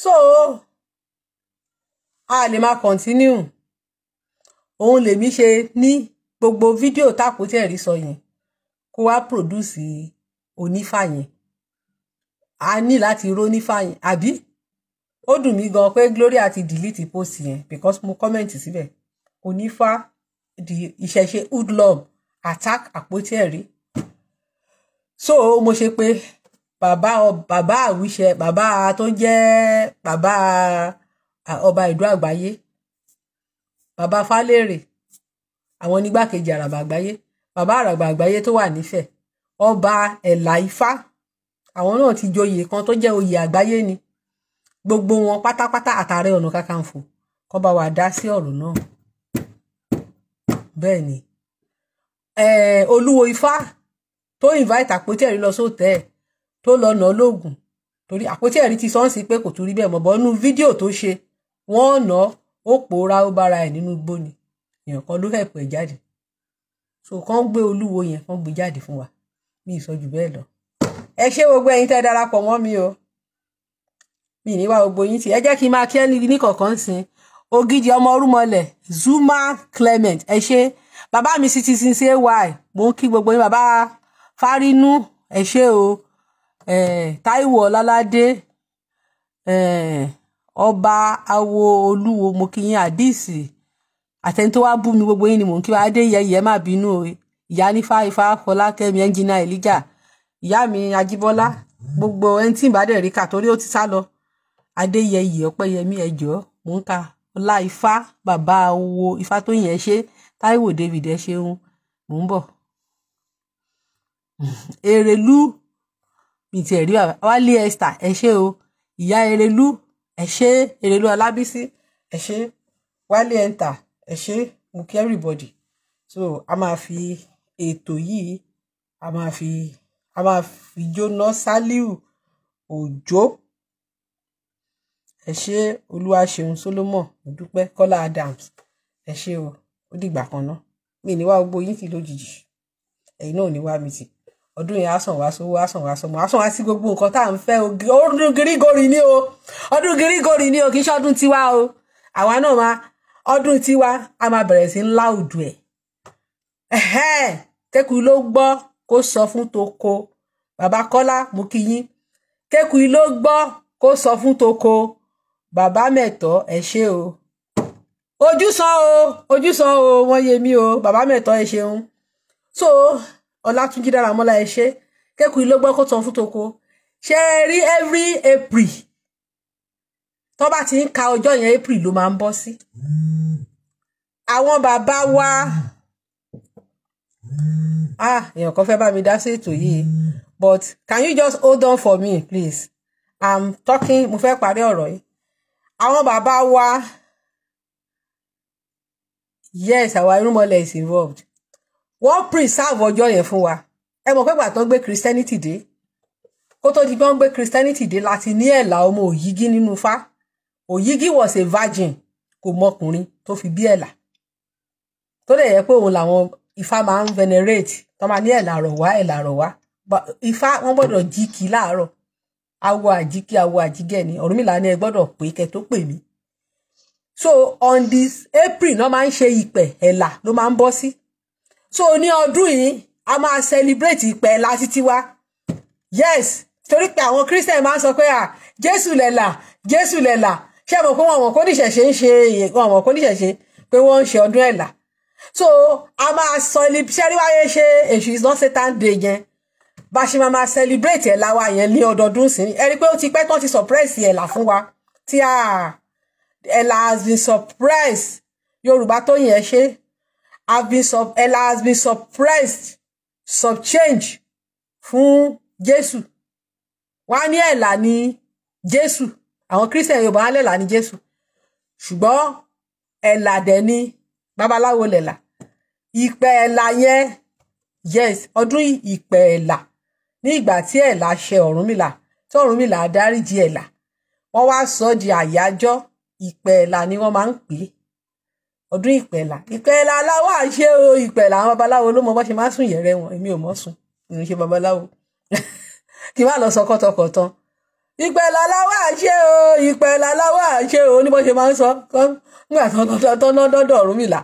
so a lè máa continue òun lèmi ṣe ní gbogbo fídíò tákùtì ẹ̀rí sọ yẹn kó wá produce onífà yẹn a ní láti rónífà yẹn àbí ó dùn mí gan pé Gloria ti delete post yẹn because mo comment síbẹ̀ onífá di ìṣẹ̀ṣe hoodlum attack àpótí ẹ̀rí so mo ṣe pé bàbá bàbá àwíṣẹ bàbá tó jẹ́ bàbá ọba ìdó àgbáyé bàbá falẹ́rẹ̀ àwọn onígbàkejì àràbà àgbáyé bàbá àràbà àgbáyé tó wà nífẹ̀ẹ́ ọba ẹ̀là ifá àwọn náà ti joyè kan tó jẹ́ oyè àgbáyé ni gbogbo wọn pátápátá àtàrẹ ọ̀nà kakanfò kọ́ bá wa dá sí ọ̀rọ̀ náà bẹ́ẹ̀ ni olúwo ifá tó invite àpótí ẹ̀rí lọ sóòtẹ́ tó lọ nà lóògùn torí àpótí ẹ̀rí ti sọ́ọ̀sì pé kò tún rí bẹ́ẹ̀ mọ̀ bọ́ nú fídíò tó ṣe wọ́n nà ó pòórá ó bára ẹ̀ nínú igbó ni èèyàn kan ló hẹ̀pẹ̀ jáde so kàn gbé olúwo yẹn kàn gbé jáde fún wa mi ìsọjù bẹ́ẹ̀ lọ ẹ ṣé gbogbo ẹ̀yin tẹ́ darapọ̀ mọ́ mi o mi ní wá gbogbo yín tì ẹ jẹ́ kí n máa kí ẹ ní kọ̀ọ̀kan sí ògidì ọmọ orúmọlẹ̀ Zuma Clement ẹ ṣe bàbá mi sì ti sin sí ay mo ń kí gbogbo yín bàbá Fárínú ẹ ṣe o Táíwò Ọláládé ọba awo olúwo mo kí yín àdìsí àtẹni tó wá bú mi gbogbo yín ni mò ń kí wa adéyẹyẹ má bínú o ìyá nífà ifá fọlákẹ́mi ẹnjìnà elijah ìyá mi ajíbọ́lá gbogbo ẹni tí ìbádẹ rí kà torí ó ti sá lọ adéyẹyẹ ọpẹ́yẹmí ẹjọ́ mò ń ka ọlá ifá bàbá wo ifá tó yẹn ṣe táíwò david ẹ ṣeun mò ń bọ̀ èrèlú ìtì ẹ̀rí wálé esther ẹ ṣe o ìyá èrèlú ẹ ṣe èrèlú alábísí ẹ ṣe wálé ẹ̀ńtà ẹ ṣe mo kí everybody so a máa fi ètò yìí a máa fi a máa fi jóná sálíù òjò ẹ ṣé olúwaṣeun solomon dúpẹ́ kọ́lá adams ẹ ṣé o ó dìgbà kan náà mi ní wá gbogbo yín tì lójijì ẹ̀yin náà ò ní wá mi tì ọdún yẹn asàn wá sówó asàn wá sọmọ asàn wá sí gbogbo nǹkan tá à ń fẹ́ ọdún gírígorì ni o ọdún gírígorì ni o kì í ṣe ọdún tiwa o àwa náà máa ọdún tiwa a máa bẹ̀rẹ̀ sí ńlá òdù ẹ̀ kékùú ló gbọ́ kó sọ fún toko bàbá kọ́lá mú kí yín kékùú ló gbọ́ kó sọ fún toko bàbá mẹ́tọ́ ẹ ṣé o ojúsọ o ojúsọ o wọ́n yé mi o bàbá mẹ́tọ́ ẹ ṣeun so ọlátúnjí dáramọ́lá ẹ ṣé kékun ilógbọ́n kó tán fún toko ṣe é rí every april tó bá ti ń ka ọjọ́ yẹn april ló máa ń bọ́ sí àwọn bàbá wa ah èèyàn kan fẹ́ bá mi dá sí ètò yìí but can you just hold on for me please i'm talking mo fẹ́ parí ọ̀rọ̀ yìí àwọn bàbá wa yes our irúnmọlẹ̀ is involved wọ́n preserve ọjọ́ yẹn fún wa ẹ mọ̀ pé gbà tán gbé christianity dé kó tó di pé wọ́n gbé christianity dé láti ní ẹ̀là ọmọ òyígí nínú fá òyígí was a virgin kò mọkùnrin tó fi bí ẹ̀là tó lè yẹ pé òun làwọn ifá máa ń venerate tó máa ní ẹ̀là rọ̀ wá ẹ̀là rọ̀ wá ifá wọ́n gbọ́dọ̀ jí kí láàárọ̀ awo àjíkí awo àjíkẹ́ ni Ọ̀rúnmìlà ni ẹ gbọ́dọ̀ pé kẹ́ tó pè mí so on this April náà máa ń ṣe ìpẹ̀ ẹ̀là ló máa ń bọ́ sí so ní ọdún yìí a máa celebrate ìpẹ̀ ẹ̀là títí wa yes torí pé àwọn Christian máa ń sọ pé à Jésù lẹ̀là Jésù lẹ̀là ṣé àwọn kó wọn kò níṣẹ̀ṣe ń ṣe wọn kò níṣẹ̀ṣe pé wọ́n ń ṣe ọdún ẹ̀là so a máa sọ ẹni ṣẹ́rí wáyé ṣe èṣù is not Satan day yẹn bá ṣe máa máa celebrate ẹ̀ láwa yẹn ní ọdọọdún sí ni ẹ rí i pé ó ti pẹ́ tán ti surprise ẹ̀là fún wa tí a ẹ̀là has been surprised yorùbá tó yẹn ṣe ẹ̀là has been surprised subchange fún jésù wọ́n á ní ẹ̀là ní jésù àwọn christian yorùbá á lẹ̀là ní jésù ṣùgbọ́n ẹ̀là dẹ̀ ni babaláwo lẹ̀là ìpẹ̀ẹ̀là yẹn yes ọdún ìpẹ̀ẹ̀là ní ìgbà tí ẹ̀là ṣe ọ̀rúnmìlà tí ọ̀rúnmìlà dáríji ẹ̀là wọ́n wá sọ di àyájọ́ ìpẹ̀ẹ̀là ni wọ́n máa ń pè é ọdún ìpẹ̀ẹ̀là ìpẹ̀ẹ̀là aláwọ̀ àṣẹ o ìpẹ̀ẹ̀là àwọn babaláwo ló mọ bọ́ ṣe máa sùn yẹ̀rẹ̀ wọn èmi ò mọ̀ sùn mi ò ṣe babaláwo kí n má lọ sọ kọ́tọkọ̀tàn ìpẹ̀ẹ̀là aláwọ̀ àṣẹ o ìpẹ̀ẹ̀là aláwọ̀ àṣẹ o ní bọ́ ṣe máa ń sọ nígbà tán dọ́dọ̀ Ọ̀rúnmìlà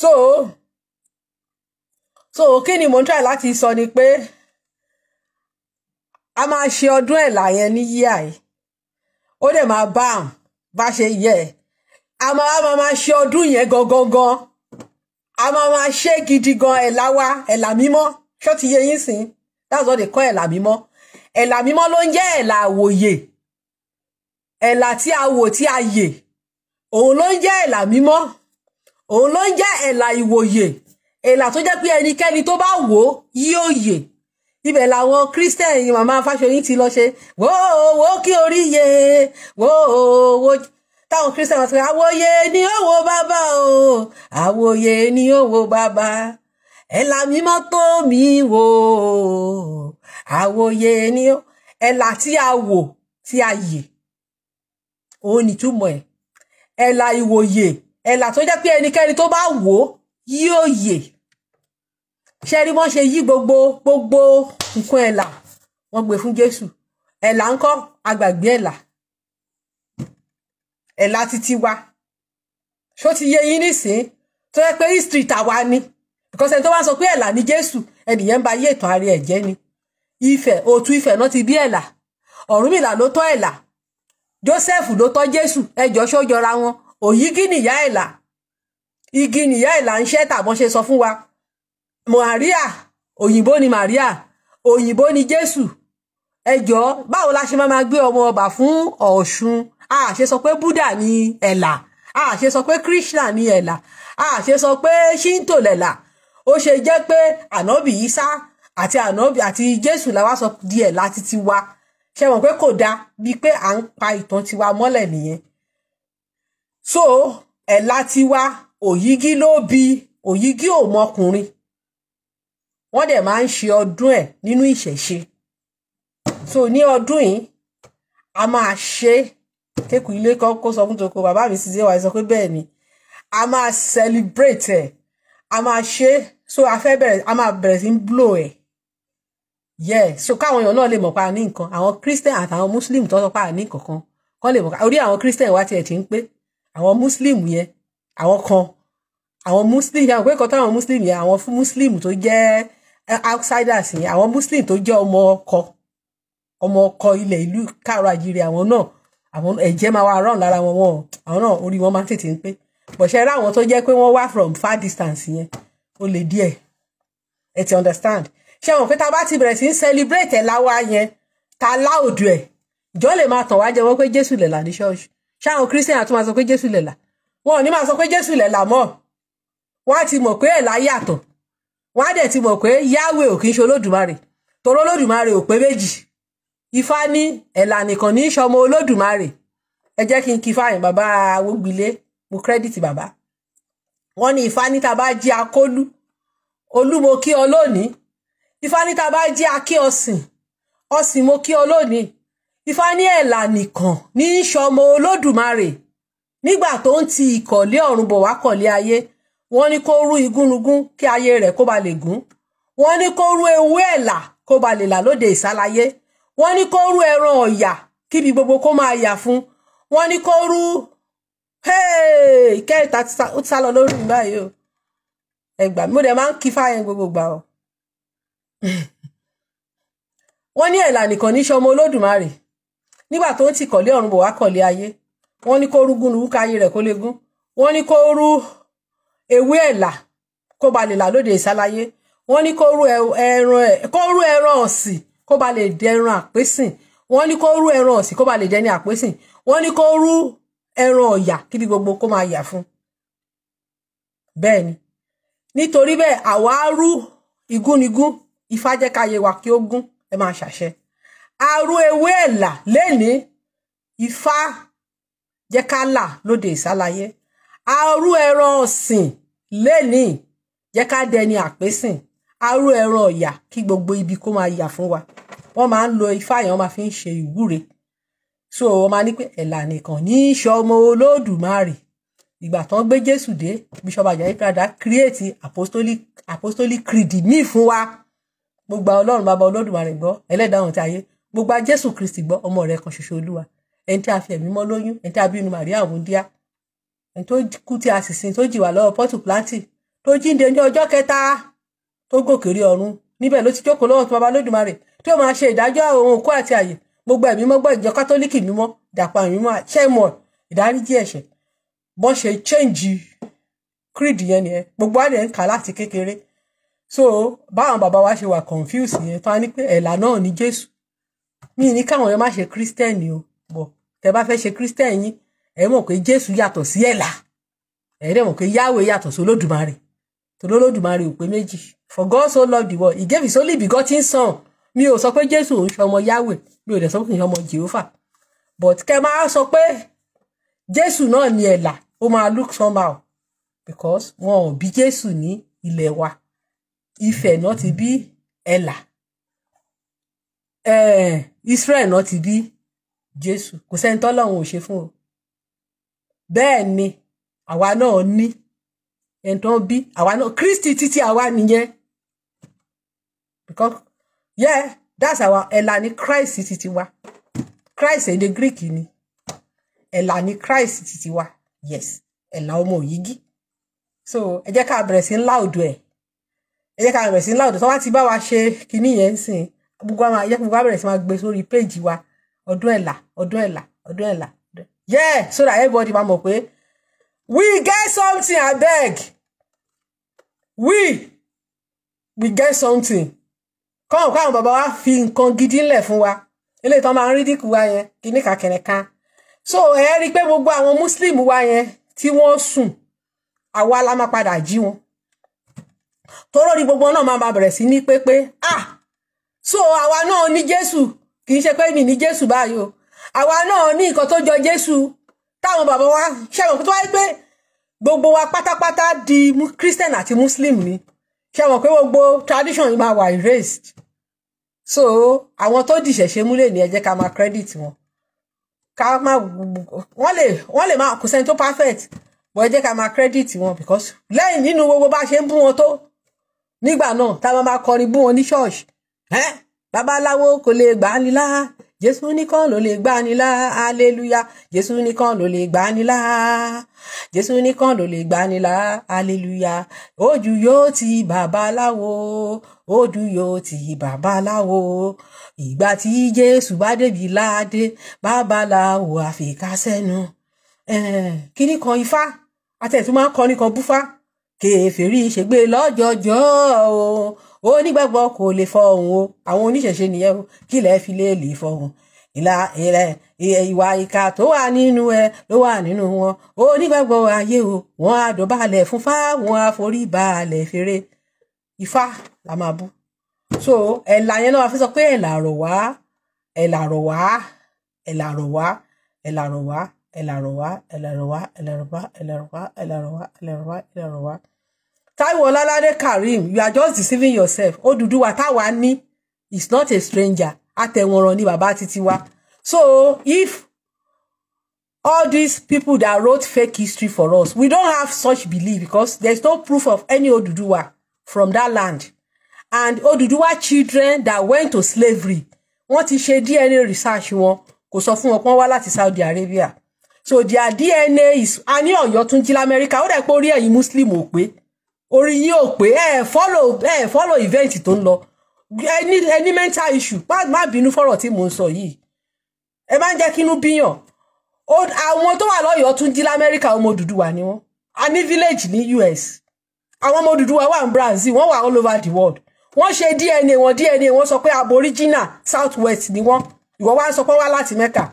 so so kí ni mò ń try láti sọ ni pé a máa ṣe ọdún ẹ̀là yẹn ní yíyà yìí ó dẹ̀ máa bá àm bá ṣe yẹ a máa máa máa ṣe ọdún yẹn gangan a máa máa ṣe gidi gan ẹ̀là wa ẹ̀là mímọ́ ṣó ti yẹ yín sìn that's what they call ẹ̀là mímọ́ ẹ̀là mímọ́ ló ń jẹ́ ẹ̀là àwòyè ẹ̀là tí a wò tí a yè òun ló ń jẹ́ ẹ̀là mímọ́ òun ló ń jẹ́ ẹ̀là ìwòyè ẹ̀là tó jẹ́ pé ẹnikẹ́ni tó bá wò ó yóò yè ibẹ̀ làwọn christian màmá Fáṣọyìn ti lọ ṣe wo kí orí yẹ wòówó táwọn christian wọn ti pé àwòye ni ó wo bàbá o àwòye ni ó wo bàbá ẹ̀là mímọ́ tó mi wò àwòye ni ó ẹ̀là tí a wò tí a yè òun nìtúmọ̀ ẹ̀ ẹ̀là ìwòye ẹ̀là tó jẹ́ pé ẹnikẹ́ni tó bá wò yóò yè ṣe rí wọ́n ṣe yí gbogbo gbogbo nǹkan ẹ̀là wọ́n gbé fún Jésù ẹ̀là ńkọ́ agbàgbé ẹ̀là ẹ̀là títí wa ṣó ti yé yín nísìn tó yẹ pé history tàwa ni because ẹni tó wá sọ pé ẹ̀là ni Jésù ẹnìyẹn ń ba ayé ìtàn ara ẹ̀ jẹ́ ni Ifẹ̀ òtú Ifẹ̀ náà ti bí ẹ̀là Ọ̀rúnmìlà ló tọ́ ẹ̀là Joseph ló tọ́ Jésù ẹjọ́ ṣó jọra wọn òyí gí nìyá ẹ̀là igi nìyá ẹ̀là ń ṣẹ́ tàbọ́n ṣe sọ fún wa Maria òyìnbó ni Maria òyìnbó ni Jésù ẹjọ́ báwo la ṣe máa máa gbé ọmọ ọba fún Ọ̀ṣun a ṣe sọ pé Buddha ni ẹ̀là a ṣe sọ pé Krishna ni ẹ̀là a ṣe sọ pé Shinto lẹ̀là ó ṣe jẹ́ pé ànábì Isa àti ànábì àti Jésù làwa sọ di ẹ̀là títí wa ṣe mọ̀ pé kò dáa bíi pé à ń pa ìtàn tiwa mọ́lẹ̀ nìyẹn so ẹ̀là tiwa òyígí ló bi òyígí ò mọkùnrin wọ́n dẹ̀ máa ń ṣe ọdún ẹ̀ nínú ìṣẹ̀ṣe so ní ọdún yìí a máa ṣe kéku ilé kan kó sọ fún toko bàbá mi sì ṣe wà sọ pé bẹ́ẹ̀ ni a máa celebrate ẹ̀ a máa ṣe so a fẹ́ bẹ̀rẹ̀ a máa bẹ̀rẹ̀ sí ń blow ẹ̀ yeah so káwọn èèyàn náà lè mọ̀ pa ní nǹkan àwọn Christian àtàwọn Muslim tó sọ pa ní kankan kọ́ lè mọ̀ pa orí àwọn Christian wa tiẹ̀ ti ń pé àwọn Muslim yẹn àwọn kan àwọn Muslim yẹn àwọn pé kan táwọn Muslim yẹn àwọn fún Muslim tó jẹ́ Eh, outsiders yẹn àwọn muslim tó jẹ́ ọmọ ọkọ ọmọ ọkọ ilẹ̀ ìlú káàrọ̀ àjíire àwọn náà àwọn ẹ̀jẹ̀ máa wá rán lára wọn wọn àwọn náà orí wọn máa tètè ń pé bọ̀ṣẹ́ rá àwọn tó jẹ́ pé wọ́n wá from far distance yẹn ó lè díẹ̀ ẹ ti understand ṣé wọn pé tá a bá ti bẹ̀rẹ̀ sí ń celebrate ẹ̀ láwa yẹn ta láòdù ẹ̀ ìjọ lè máa tàn wá jẹ wọ́n pé jésù lẹ̀là ní ṣọ́ọ̀ṣì ṣáwọn christian àtúmọ̀ sọ pé jésù lẹ̀là wọn ò ní máa sọ pé jésù lẹ̀là mọ́ wọn á ti mọ̀ pé ẹ̀ láyàtọ̀ wọ́n á dẹ̀ ti mọ̀ pé yáwé ò kì í ṣe olódùmarè torí olódùmarè ò pé méjì ifá ní ẹ̀là nìkan ní í ṣọmọ olódùmarè ẹ jẹ́ kí n kí fáyìn bàbá awógbilé mo kírẹ́dìtì bàbá wọ́n ní ifá ní ta bá jí akólú olúmo kí ọ lónìí ifá ní ta bá jí akí ọ̀sìn ọ̀sìn mo kí ọ lónìí ifá ní ẹ̀là nìkan ní í ṣọmọ olódùmarè nígbà tó ń ti ìkọ̀lé ọ̀run bọ̀ wá kọ̀lé ayé wọ́n ní kó rú igúnnugún kí ayé rẹ̀ kó ba lè gún wọ́n ní kó rú ewé ẹ̀là kó ba lè là lóde ìsálayé wọ́n ní kó rú ẹran ọ̀yà kíbi gbogbo kó máa yà fún wọ́n ní kó rú kẹ́ẹ̀ta ó ti sá lọ lórí mi báyìí o ẹgbà mo dẹ̀ máa ń kí fáyẹn gbogbo gbà o wọ́n ní ẹ̀là nìkan ní sọmọ olódùmarè nígbà tó ń ti kọ̀lé ọ̀run bò wá kọ̀lé ayé wọ́n ní kó rú gúnnugún káyé rẹ̀ kó lè gún wọ́n ní kó rú ewé ẹ̀là kó ba lè là lóde ìsálayé wọ́n ní kó rú ẹran ọ̀sìn kó ba lè dẹran àpésìn wọ́n ní kó rú ẹran ọ̀sìn kó ba lè dẹni àpésìn wọ́n ní kó rú ẹran ọ̀yà kíbi gbogbo kó máa yà fún bẹ́ẹ̀ ni nítorí bẹ́ẹ̀ àwa rú igúnigún ifá jẹ́ káyé wa kí ó gún ẹ máa ṣàṣẹ arú ewé ẹ̀là lénìí ifá lóde ìsálayé arú ẹran ọ̀sìn lẹ́nìí jẹ́ ká dẹni àpésìn aró ẹran ọ̀yà kí gbogbo ibi kó máa yà fún wa wọ́n máa ń lo ifá yẹn wọ́n máa fi ń ṣe ìwúre so wọ́n máa ní pé ẹ̀là nìkan ní í ṣọmọ olódùmarè ìgbà tán gbé jésù dé bishop ajayi prada create apostolic apostolic creed míì fún wa mo gba ọlọ́run bàbá olódùmarè gbọ́ ẹlẹ́dàá ti ayé mo gba kristi gbọ́ ọmọ rẹ̀ kan ṣoṣo olúwa ẹni tí a fi ẹ̀mí mọ́ lóyún ẹni tí a bí màríà òun díá ẹni tó kú tí a sì sin tó jìwà lọ́wọ́ pọ́tù plántì tó jíǹde ní ọjọ́ kẹta tó gòkè rí ọ̀run níbẹ̀ ló ti jókòó lọ́wọ́ tó baba lódùmarè tí ó máa ṣe ìdájọ́ òun òkú àti àyè gbogbo ẹ̀mí mọ́gbọ́ ìjọ kátólíkì mímọ́ dàpọ̀ àmì mímọ́ ṣẹ́mọ̀ ìdáríjì ẹ̀ṣẹ̀ bọ́ ṣe change creed yẹn nìyẹn gbogbo àdé ń kà láti kékeré so báwọn bàbá wa ṣe wà confuse yẹn tó a ní pé ẹ̀là náà ní Jésù mí ní káwọn yẹn má ṣe kírísítẹ́nì o bọ̀ tẹ bá fẹ́ ṣe kírísítẹ́nì yín ẹ mọ̀ pé jésù yàtọ̀ sí ẹ̀là ẹ dẹ̀ mọ̀ pé yahwe yàtọ̀ sí olódùmarè torí olódùmarè ò pé méjì for God so loved the world he gave his only begotten son mi ò sọ pé jésù òun ṣọmọ yahwe mi ò dẹ̀ sọ pé kì í ṣọmọ jehovah but kẹ máa sọ pé jésù náà ni ẹ̀là ó máa look somehow because wọn ò bí jésù ní ilẹ̀ wa ifẹ̀ náà ti bí ẹ̀là israel náà ti bí jésù kò sẹ́ni tọ́lọ́run ò ṣe fún o bẹ́ẹ̀ ni àwa náà ní ẹ̀ńtàn bí àwa náà Kristi títí àwa nìyẹn because yeah that's our ẹ̀là ní Christ títí wa Christ èdè Greek ni ẹ̀là ní Christ títí wa yes ẹ̀là ọmọ òyìgí so ẹ jẹ́ ká bẹ̀rẹ̀ sí ńlá òdo ẹ̀ ẹ jẹ́ ká bẹ̀rẹ̀ sí ńlá òdo tó wá ti bá wa ṣe kinní yẹn ń sìn gbogbo àwọn ẹ jẹ́ kí gbogbo wa bẹ̀rẹ̀ sí máa gbé sórí péèjì wa ọdún ẹ̀là ọdún ẹ̀là ọdún ẹ̀là yeah so that everybody máa mọ̀ we get something I beg. we we get something Come, come, Baba. wa fi nǹkan gidi ńlẹ̀ fún wa ilé ìtàn máa ń rí dínkù wa yẹn kíní kàkẹ́nẹ̀ká so ẹ rí i pé gbogbo àwọn muslim wa yẹn tí wọ́n sùn àwa la máa padà jí wọn tọ́rọ́ ni gbogbo náà máa bẹ̀rẹ̀ sí ní pépé ah so Awa náà ní Jesu. kì í ṣe pé mi ní jésù báyìí àwa náà ní nǹkan tó jọ Jésù táwọn bàbá wa ṣẹ́wọ̀n pé tó wáyé pé gbogbo wa pátápátá di Christian àti Muslim ni ṣẹ́wọ̀n pé gbogbo tradition yìí máa wà erased so àwọn tó dìṣẹ̀ṣe múlẹ̀ ní ẹ jẹ́ ká máa credit wọn ká máa wọ́n lè wọ́n lè máa kò sẹ́ni tó perfect but ẹ ká máa credit wọn because lẹ́yìn nínú gbogbo bá ṣe ń bú wọn tó nígbà náà tá a máa kọrin bú wọn ní ṣọ́ọ̀ṣì babaláwo kò lè gbà á nílá jésù nìkan ló lè gbani là aleluya jésù nìkan ló lè gbani là jésù nìkan ló lè gbani là aleluya ojú yóò ti babaláwo ojú yóò ti babaláwo ìgbà tí jésù bá débi láàdé babaláwo àfikà sẹ́nu kíní kan ifá àti ẹ̀tún máa ń kọrin kan búfá kèfèrí ṣègbè lọ́jọ́jọ́ o onígbàgbọ́ kò lè fọhùn o àwọn oníṣẹ̀ṣe nìyẹn o kí lẹ fi lè lè fọhùn ìlà ìrẹ ìwà ìka tó wà nínú ẹ ló wà nínú wọn onígbàgbọ́ ayé o wọn àdọ̀bálẹ̀ fún fá wọn àforíbalẹ̀ fèrè ifá la máa bú so ẹ̀là yẹn náà fi sọ pé ẹ̀là rọ̀ wá ẹ̀là rọ̀ wá ẹ̀là rọ̀ wá ẹ̀là rọ̀ wá ẹ̀là rọ̀ wá ẹ̀là rọ̀ wá ẹ̀là rọ̀ wá ẹ̀là rọ̀ wá ẹ̀là rọ̀ wá ẹ̀là rọ̀ wá ẹ̀là rọ̀ wá. Taiwo Ọláládé Karim you are just deceiving yourself Oduduwa táwa ní is not a stranger àtẹ̀wọ̀nràn ni bàbá títí wa so if all these people that wrote fake history for us we don't have such belief because there is no proof of any Oduduwa from that land and Oduduwa children that went to slavery wọ́n ti ṣe DNA research wọn kò sọ fún wọn pọ́n wá láti Saudi Arabia so their DNA is any ní Ọ̀yọ́ tún jí lamẹ́ríkà ó dẹ̀ pé orí ẹ̀yin muslim ò orí yín ò pé ẹ follow ẹ follow event tó ń lọ ẹni ẹni mental issue má bínú fọ̀rọ̀ tí mò ń sọ yìí ẹ má ń jẹ́ kínú bíyàn àwọn tó wà lọ́yọ̀ọ́ tún jí lamẹ́ríkà ọmọ Odùduwà ni wọ́n a ní village ní US àwọn ọmọ Odùduwà wà ní Brazil wọ́n wà all over the world wọ́n ṣe DNA wọn DNA wọ́n sọ pé aboriginal south west ni wọ́n ìwọ wá sọ pé wá láti Mẹ́kà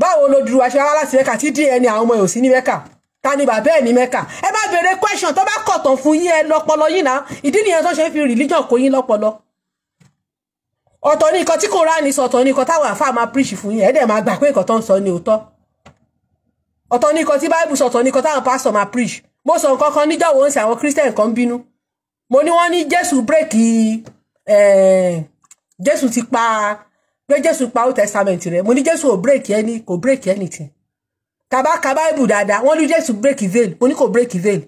báwo lOdùduwà ṣe wá láti Mẹ́kà tí DNA àwọn ọmọ yòó sí ní Mẹ́kà ta ni bàbá ẹ̀ ní mẹ́kà ẹ má béèrè question tó bá kọ̀tàn fún yín ẹ lọ́pọlọ yín náà ìdí nìyẹn tó ṣe ń fi religion kó yín lọ́pọlọ ọ̀tọ̀ ní nǹkan tí kò rá ní sọ ọ̀tọ̀ ní nǹkan táwọn àfáà máa preach fún yín ẹ dẹ̀ máa gbà pé nǹkan tó ń sọ ni òótọ́ ọ̀tọ̀ ní nǹkan tí bible sọ ọ̀tọ̀ ní nǹkan táwọn pastor máa preach mo sọ nǹkan kan níjọ́ wọ́n ń ṣe àwọn christian kan bínú mo ní wọ́n ní jésù bírèkì jésù ti pa pé jésù pa old testament rẹ̀ mo ní jésù ò bírèkì ẹni kò bírèkì anything tàbá ka báìbù dáadáa wọ́n ní jésù break his veil mo ní kò break his veil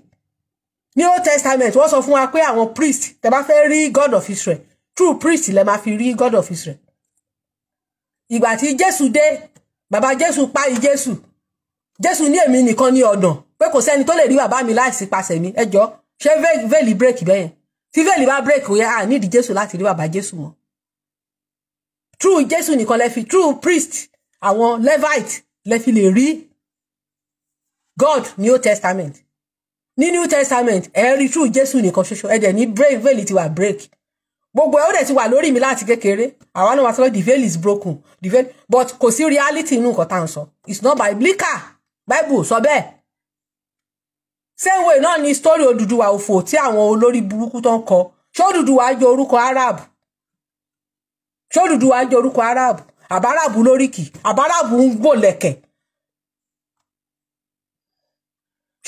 ní old testament wọ́n sọ fún wa pé àwọn priest tẹ́ bá fẹ́ rí god of israel true priest lẹ máa fi rí god of israel ìgbà tí jésù dé bàbá jésù parí jésù jésù ní èmi nìkan ní ọ̀dàn pé kò sẹ́ni tó lè rí bàbá mi láìsí pasẹ̀ mi ẹjọ́ ṣé veil break bẹ́yẹn tí veil bá break ó yẹ à nídìí jésù láti rí bàbá jésù mọ́ true jésù nìkan lẹ fi true priest àwọn levite lẹ fi lè rí God New Testament ní New Testament ẹ rí true Jésù nìkan ṣoṣo ẹ dẹ̀ ní break veil ti wà break gbogbo ẹ ó dẹ̀ ti wà lórí mi láti kékeré àwa náà wá sọ the veil is broken the veil but kò sí reality inú nǹkan tá à ń sọ it's not biblical Bible sọ bẹ́ẹ̀ same way náà ni story Odùduwà òfò tí àwọn olórí burúkú tó ń kọ ṣé Odùduwà jẹ́ orúkọ Arab ṣé Odùduwà jẹ́ orúkọ Arab àbáràbù lóríkì àbáràbù ń gbòlẹ̀kẹ̀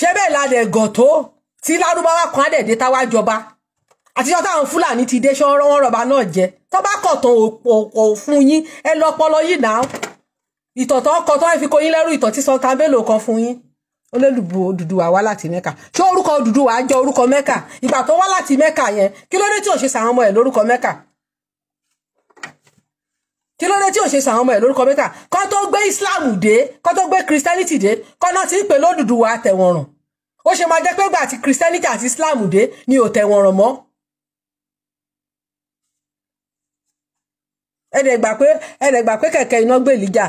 ṣé bẹ́ẹ̀ la dẹ̀ gàn tó tí lárúbáwá kan á dẹ̀ dé táwa jọba àtijọ́ táwọn fúlàní ti dé ṣan wọ́n rọ̀bà náà jẹ tó bá kọ̀tàn òpò fún yín ẹ lọ pọlọ yìí náà ìtọ̀tọ̀ ọkọ̀ tó fi kó yín lẹ́rú ìtọ̀ tí sọ́ta mélòó kan fún yín olólùbù Odùduwà wá láti mẹ́kà ṣé orúkọ Odùduwà jọ orúkọ mẹ́kà ìgbà tó wá láti mẹ́kà yẹn kí ló dé tí ò ṣe sàwọn ọmọ ẹ̀ lórúkọ mẹ́kà kí ló dé tí ò ṣe sàwọn ọmọ ẹ lórúkọ mẹ́ta kó tó gbé islam dé kó tó gbé christianity dé kó náà ti ń pè lódùduwà tẹ̀wọ̀n rùn ó ṣe máa jẹ́ pé gbà àti christianity àti islam dé ni ò tẹ̀wọ̀n rùn mọ́. ẹ̀ẹ́dẹ̀gbà pé ẹ̀ẹ́dẹ̀gbà pé kẹ̀kẹ́ iná gbé lìjà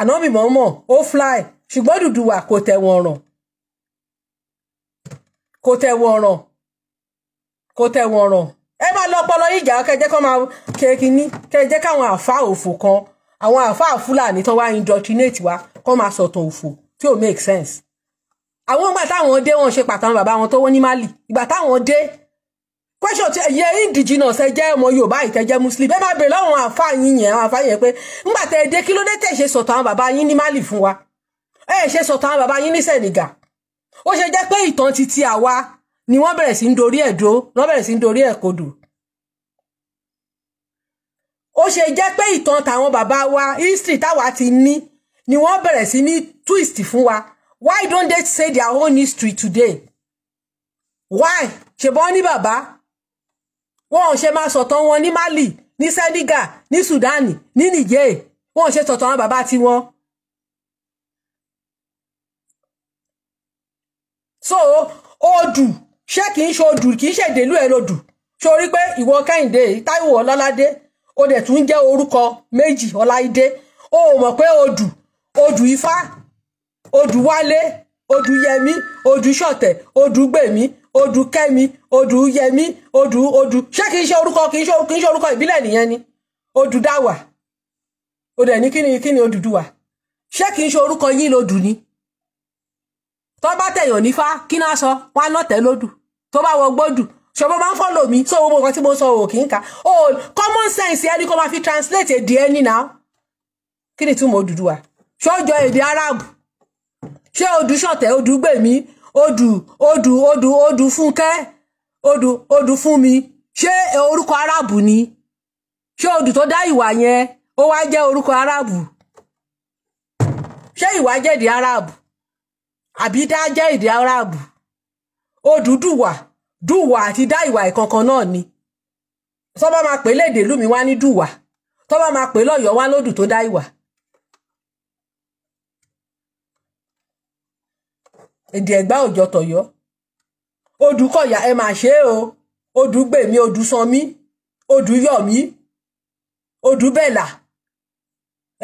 ànábì mọ́mọ́ ó fly ṣùgbọ́n dùdùwà kò tẹ̀wọ̀n rùn kò tẹ̀wọ̀n kò tẹ̀wọ̀n ẹ máa lọ ọpọlọ ìjà kẹjẹ kọ máa kẹkíní kẹjẹ káwọn àfa òfò kan àwọn àfa fúlàní tán wá indoctrinate wa kọ máa sọ̀tàn òfò tí ò make sense àwọn ìgbà táwọn dé wọn ṣe pàtàkì bàbá wọn tó wọ́n ní Mali ìgbà táwọn dé question ti ẹ̀yẹ indigenous ẹ jẹ́ ọmọ Yorùbá ìtẹ́ jẹ́ Muslim ẹ máa bèrè lọ́wọ́ àfa yín yẹn àwọn àfa yẹn pé ńgbà tẹ́ ẹ dé kí ló dé tẹ̀ ṣe sọ̀tàn àwọn bàbá yín ní Mali fún wa ẹ ṣe sọ̀tàn àwọn bàbá yín ní Senegal ó ṣe jẹ́ pé ìtàn ti ti àwa ni wọ́n bẹ̀rẹ̀ sí ń dorí ẹ̀ dó wọ́n bẹ̀rẹ̀ sí ń dorí ẹ̀ kodò ó ṣe jẹ́ pé ìtàn tàwọn bàbá wa history táwa ti ní ni wọ́n bẹ̀rẹ̀ sí ní twist fún wa why don't they say their own history today why ṣèbọn ní bàbá wọn ò ṣe máa sọ̀tàn wọn ní Mali ní Senegal ní Sudan ní Niger wọn ò ṣe sọ̀tàn àwọn bàbá tiwọn. so odù ṣé kì í ṣe odù kì í ṣèdèlú ẹ lodù sórí pé ìwọ kẹ́hìndé táíwò ọlọ́ládé o dẹ̀ tún jẹ́ orúkọ méjì ọláìdé o mọ̀ pé odù odù ifá odù wálé odù yẹmí odù ṣọ̀tẹ̀ odù gbèmí odù kẹ́mi odù yẹmí odù odù ṣé kì í ṣe orúkọ kì í ṣe kì í ṣe orúkọ ìbílẹ̀ nìyẹn ni odù dáwà o dẹ̀ ní kí ni kí ni odùduwà ṣé kì í ṣe orúkọ yín lodù ni tọ́ bá tẹ̀yàn nífá kí náà sọ wọn á lódù tó bá wọ gbódù ṣùgbọ́n máa ń fọ́lò mi so gbogbo nǹkan tí mo sọ ò kì ka o common sense ẹni kó máa fi translate èdè ẹni náà kí ni túmọ̀ Odùduwà ṣé ó jọ èdè Arab ṣé odù ṣọ̀tẹ̀ odù gbèmí odù odù odù odù fúnkẹ́ odù odù fún mi ṣé orúkọ Arab ni ṣé odù tó dá ìwà yẹn ó wá jẹ́ orúkọ Arab ṣé ìwà jẹ́ èdè Arab àbí dá jẹ́ èdè Arab. Odùduwà dùwà àti dá ìwà ìkankan náà ni tó bá máa pè léde lùmí wá ní dùwà tó máa pè lọ́yọ̀ọ́ wá lódù tó dá ìwà. èdè ẹ̀gbá òjọ tọ̀yọ́ odù kọ̀yà ẹ máa ṣe é o odù gbèmí odù sanmí odù yọ̀mí odù bẹ̀là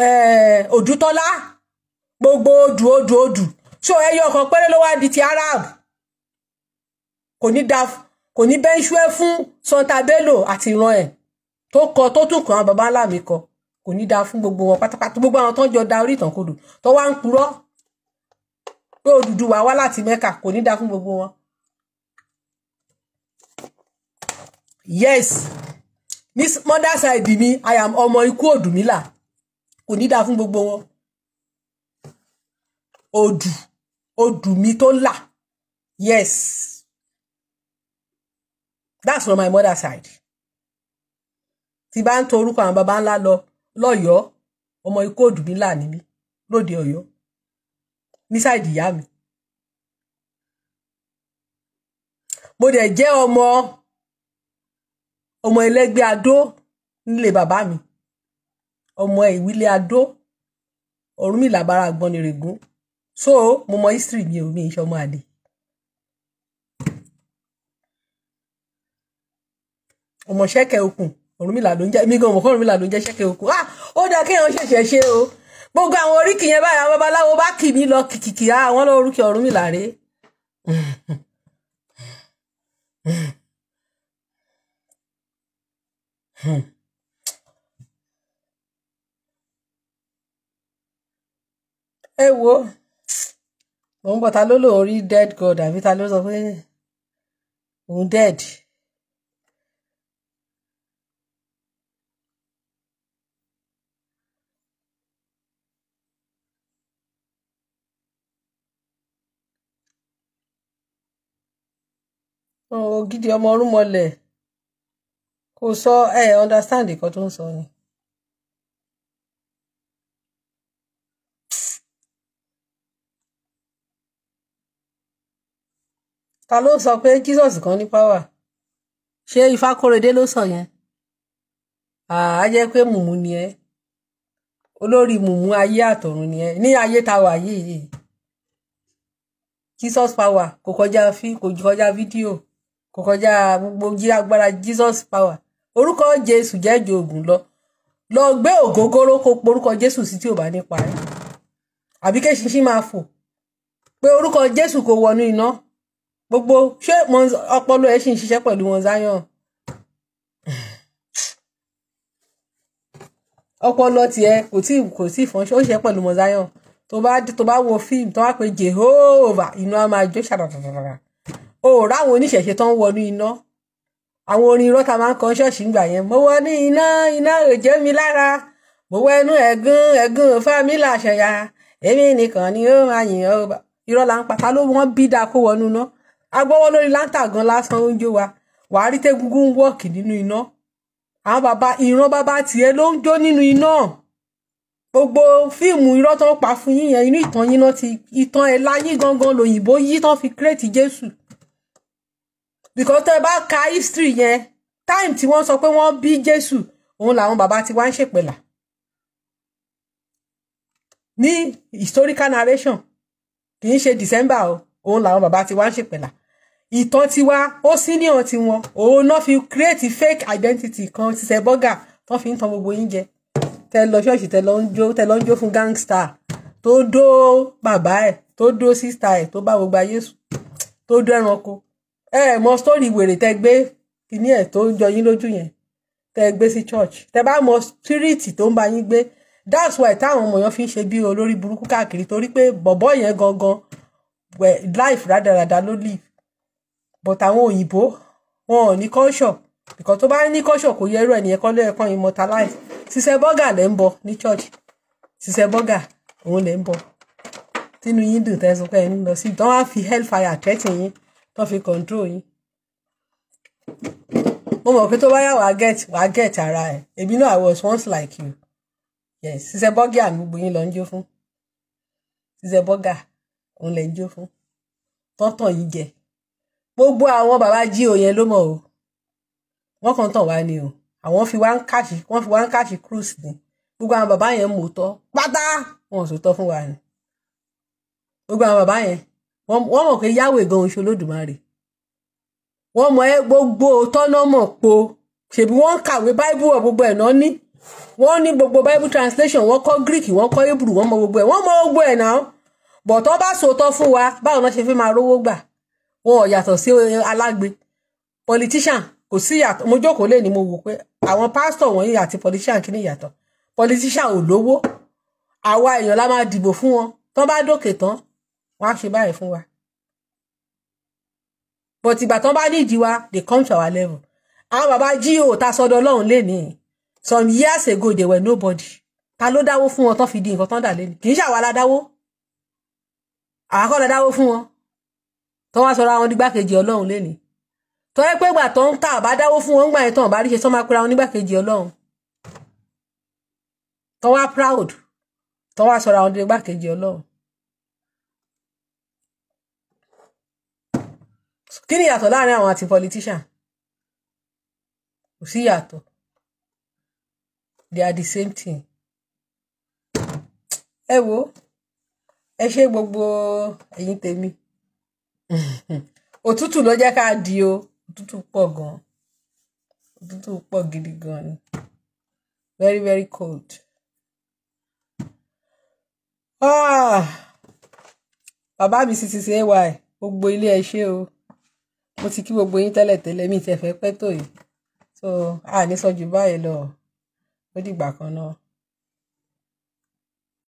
eh, odù tọ́lá gbogbo odù odù odù ẹ yọ ọkàn péré ló wá di ti Arab kò ní da kò ní bẹ́ńṣúẹ́ fún santabello àti ìran ẹ̀ tó kọ tó tún kàn án baba ńlá mi kọ kò ní da fún gbogbo wọn pátápátá gbogbo àwọn tó ń jọ da orí ìtàn kodò tó wá ń purọ́ pé Odùduwà wá láti Mẹ́kà kò ní da fún gbogbo wọn. yes ní mother side mi i am ọmọ ikú Ọ̀dùmílà kò ní da fún gbogbo wọn. odù odù mi tó là yes that's from my mother side tí bá ń to orúkọ àwọn baba ńlá lọ lọ́yọ̀ọ́ ọmọ ikú òdùbílà níbí lóde Ọ̀yọ́ ní sáìdì ìyá mi mo dẹ̀ jẹ́ ọmọ ọmọ ẹlẹ́gbẹ́ adó nílé bàbá mi ọmọ ìwílé adó Ọ̀rúnmìlà bára àgbọnnìrègún so mo mọ history mi ò mi ìṣọmọ àdè ọmọ ṣẹ́kẹ̀ okùn Ọ̀rúnmìlà ló ń jẹ́ mi gan ọmọ Ọ̀rúnmìlà ló ń jẹ́ ṣẹ́kẹ̀ okùn ah ó dáa kéèyàn ṣẹ̀ṣẹ̀ ṣe o gbogbo àwọn oríkì yẹn báyìí àwọn babaláwo bá kì mí lọ kìkìkì àwọn ah, lọ orúkẹ Ọ̀rúnmìlà rè Hmm. ẹ wo òun bọ̀ ta ló lòun rí dead god àbí ta ló sọ pé òun dead. ògidì ọmọ orúnmọlẹ̀ kò sọ ẹ understand nǹkan tó ń sọ ni. ta ló sọ pé Jesus kan ní power ṣé Ifákóredé ló sọ yẹn àá jẹ́ pé mùmú ni ẹ́ olórí mùmú ayé àtọ̀run ni ẹ́ ní ayé ta wà yìí Jesus power kò kọjá fi kò kọjá fídíò kò kọjá gbogbo agbára Jesus power orúkọ Jésù jẹ́jọ ògùn lọ lọ gbé ògógóró kó porúkọ Jésù sí tí ò bá nípa rẹ̀ àbí kéṣinṣin máa fò pé orúkọ Jésù kò wọnú iná gbogbo ṣé ọpọlọ ẹ ṣì ń ṣiṣẹ́ pẹ̀lú wọn Zion ọpọlọ tiẹ̀ kò tí kò tí fọnṣẹ́ ó ṣiṣẹ́ pẹ̀lú wọn Zion tó bá tó bá wo fíìmù tó bá pe Jehovah inú á máa jó ṣàràràràrà o ò ráwọn tán wọnú iná àwọn orin irọ́ ta máa ń kan ṣọ́ọ̀ṣì ń gbà yẹn mo wọ ní iná iná ò mi lára mo wọ ẹnu ẹ̀gún ẹ̀gún fámílà àṣẹyà èmi nìkan ni ó máa yìn ọ́ irọ́ la ń pa ta ló wọ́n bí dáa kó wọnú iná agbọ́wọ́ lórí láńtà gan lásán oúnjẹ wa wàá rí tẹ́gungun ń wọ̀kì nínú iná àwọn bàbá ìran bàbá tiẹ̀ ló ń jó nínú iná gbogbo fíìmù irọ́ tó ń pa fún yíyan inú ìtàn yín ti ìtàn ẹ̀ láyé gangan lòyìnbó yí tán fi kírètì jésù because tẹ́ bá ka history yẹn time tí wọ́n sọ pé wọ́n bí Jésù òun làwọn bàbá ti wá ń ṣèpẹ̀là ní historical narration kì í ṣe December o òun làwọn bàbá ti wá ń ṣèpẹ̀là ìtàn tiwa ó sí ní ọ̀ tiwọn òun náà fi create fake identity kan ti ṣe bọ́gà tán fi ń tan gbogbo yín jẹ tẹ lọ ṣọ́ọ̀ṣì tẹ lọ ń jó tẹ lọ ń jó fún gangsta tó dó bàbá ẹ̀ tó dó sísá ẹ̀ tó bá gbogbo ayé sùn tó dó ẹranko ẹ mọ sítórì wèrè tẹ gbé kíní ẹ tó ń jọ yín lójú yẹn tẹ gbé sí church tẹ bá mọ spiriti tó ń bá yín gbé that's why táwọn ọmọ yẹn fi ń ṣe bí olórí burúkú káàkiri torí pé bọ̀bọ̀ yẹn gangan wẹ̀ life rádaràda ló live but àwọn òyìnbó wọn ò ní culture because tó bá ní culture kò yẹ irú ẹ̀ nìyẹn kọ́ ló ẹ̀kọ́ immortalize ṣiṣẹ́ bọ́gà lẹ́ ń bọ ní church ṣiṣẹ́ bọ́gà òun lẹ́ ń bọ tínú yín dùn tẹ́sán pé ẹ̀ ń lọ sí ìdánwò àfi hellfire tẹ́tì yín tó fi control yín mo mọ̀ pé tó bá yá wàá get wàá get ara ẹ̀ èmi náà I was once like you yes ṣiṣẹ́ bọ́gà àmì gbogbo yín lọ ń jó fún ṣiṣẹ́ bọ́gà òun lẹ̀ ń jó fún tọ́tàn yìí jẹ gbogbo àwọn bàbá jí o yẹn ló mọ̀ o wọ́n kàn tàn wá ni o àwọn fi wá ń káàṣì wọ́n fi wá ń káàṣì cruise ni gbogbo àwọn bàbá yẹn mọ̀ tọ́ pátá wọn ò sòtọ́ fún wa ni gbogbo àwọn bàbá yẹn wọ́n mọ̀ pé yáwè gan-an ṣe olódùmarè wọ́n mọ̀ ẹ́ gbogbo tọ́nọ́mọ̀ po ṣèbí wọ́n kàwé báíbù ọ̀ gbogbo ẹ̀ náà ní wọ́n ní gbogbo bible translation wọ́n kọ́ greek wọ́n kọ́ hebrew wọ́n mọ̀ gbogbo ẹ̀ wọ́n mọ̀ gbogbo ẹ̀ náà bọ̀ tó bá sòótọ́ fún wa báwo náà ṣe fi máa rówó gbà wọn ò yàtọ̀ sí alágbe politician kò sí yàtọ̀ mo jókòó lé ní mo wò pé àwọn pásítọ̀ wọ̀nyí àti politician kì ní yàtọ̀ politician ò lówó àwa èèyàn la máa dìbò fún wọn tó bá dókè tán wọ́n á ṣe báyìí fún wa but ìgbà tán bá nídìí wa they come to our level àwọn bàbá G.O ta sọ́dọ̀ Ọlọ́run lẹni some years ago they were nobody ta ló dáwó fún wọn tán fi di nǹkan tán dà lẹni kì í ṣàwa la dáwó àwa kọ́ la dáwó fún wọn tán wá sọra wọn nígbàkejì Ọlọ́run lẹni tọ́ ẹ pé gbà tán tá àbá dáwó fún wọn gbà yẹn tán àbá ríṣe tán máa pera wọn nígbàkejì Ọlọ́run tán wá proud tán wá sọra wọn nígbàkejì Ọlọ́run kí ni ìyàtọ̀ láàrin àwọn àti politician kò sí ìyàtọ̀ they are the same thing ẹ wo ẹ ṣe gbogbo ẹ̀yin tèmi òtútù ló jẹ́ ká di o òtútù pọ̀ gan òtútù pọ̀ gidi gan ni very very cold. Ah, bàbá mi sì ti ṣe é wáyé gbogbo ilé ẹ ṣé o mo ti kí gbogbo yín tẹ́lẹ̀tẹ́lẹ̀ mi ti ẹ̀fẹ́ pẹ́ tó yìí so a ní sọ ju báyìí lọ ó dìgbà kan náà.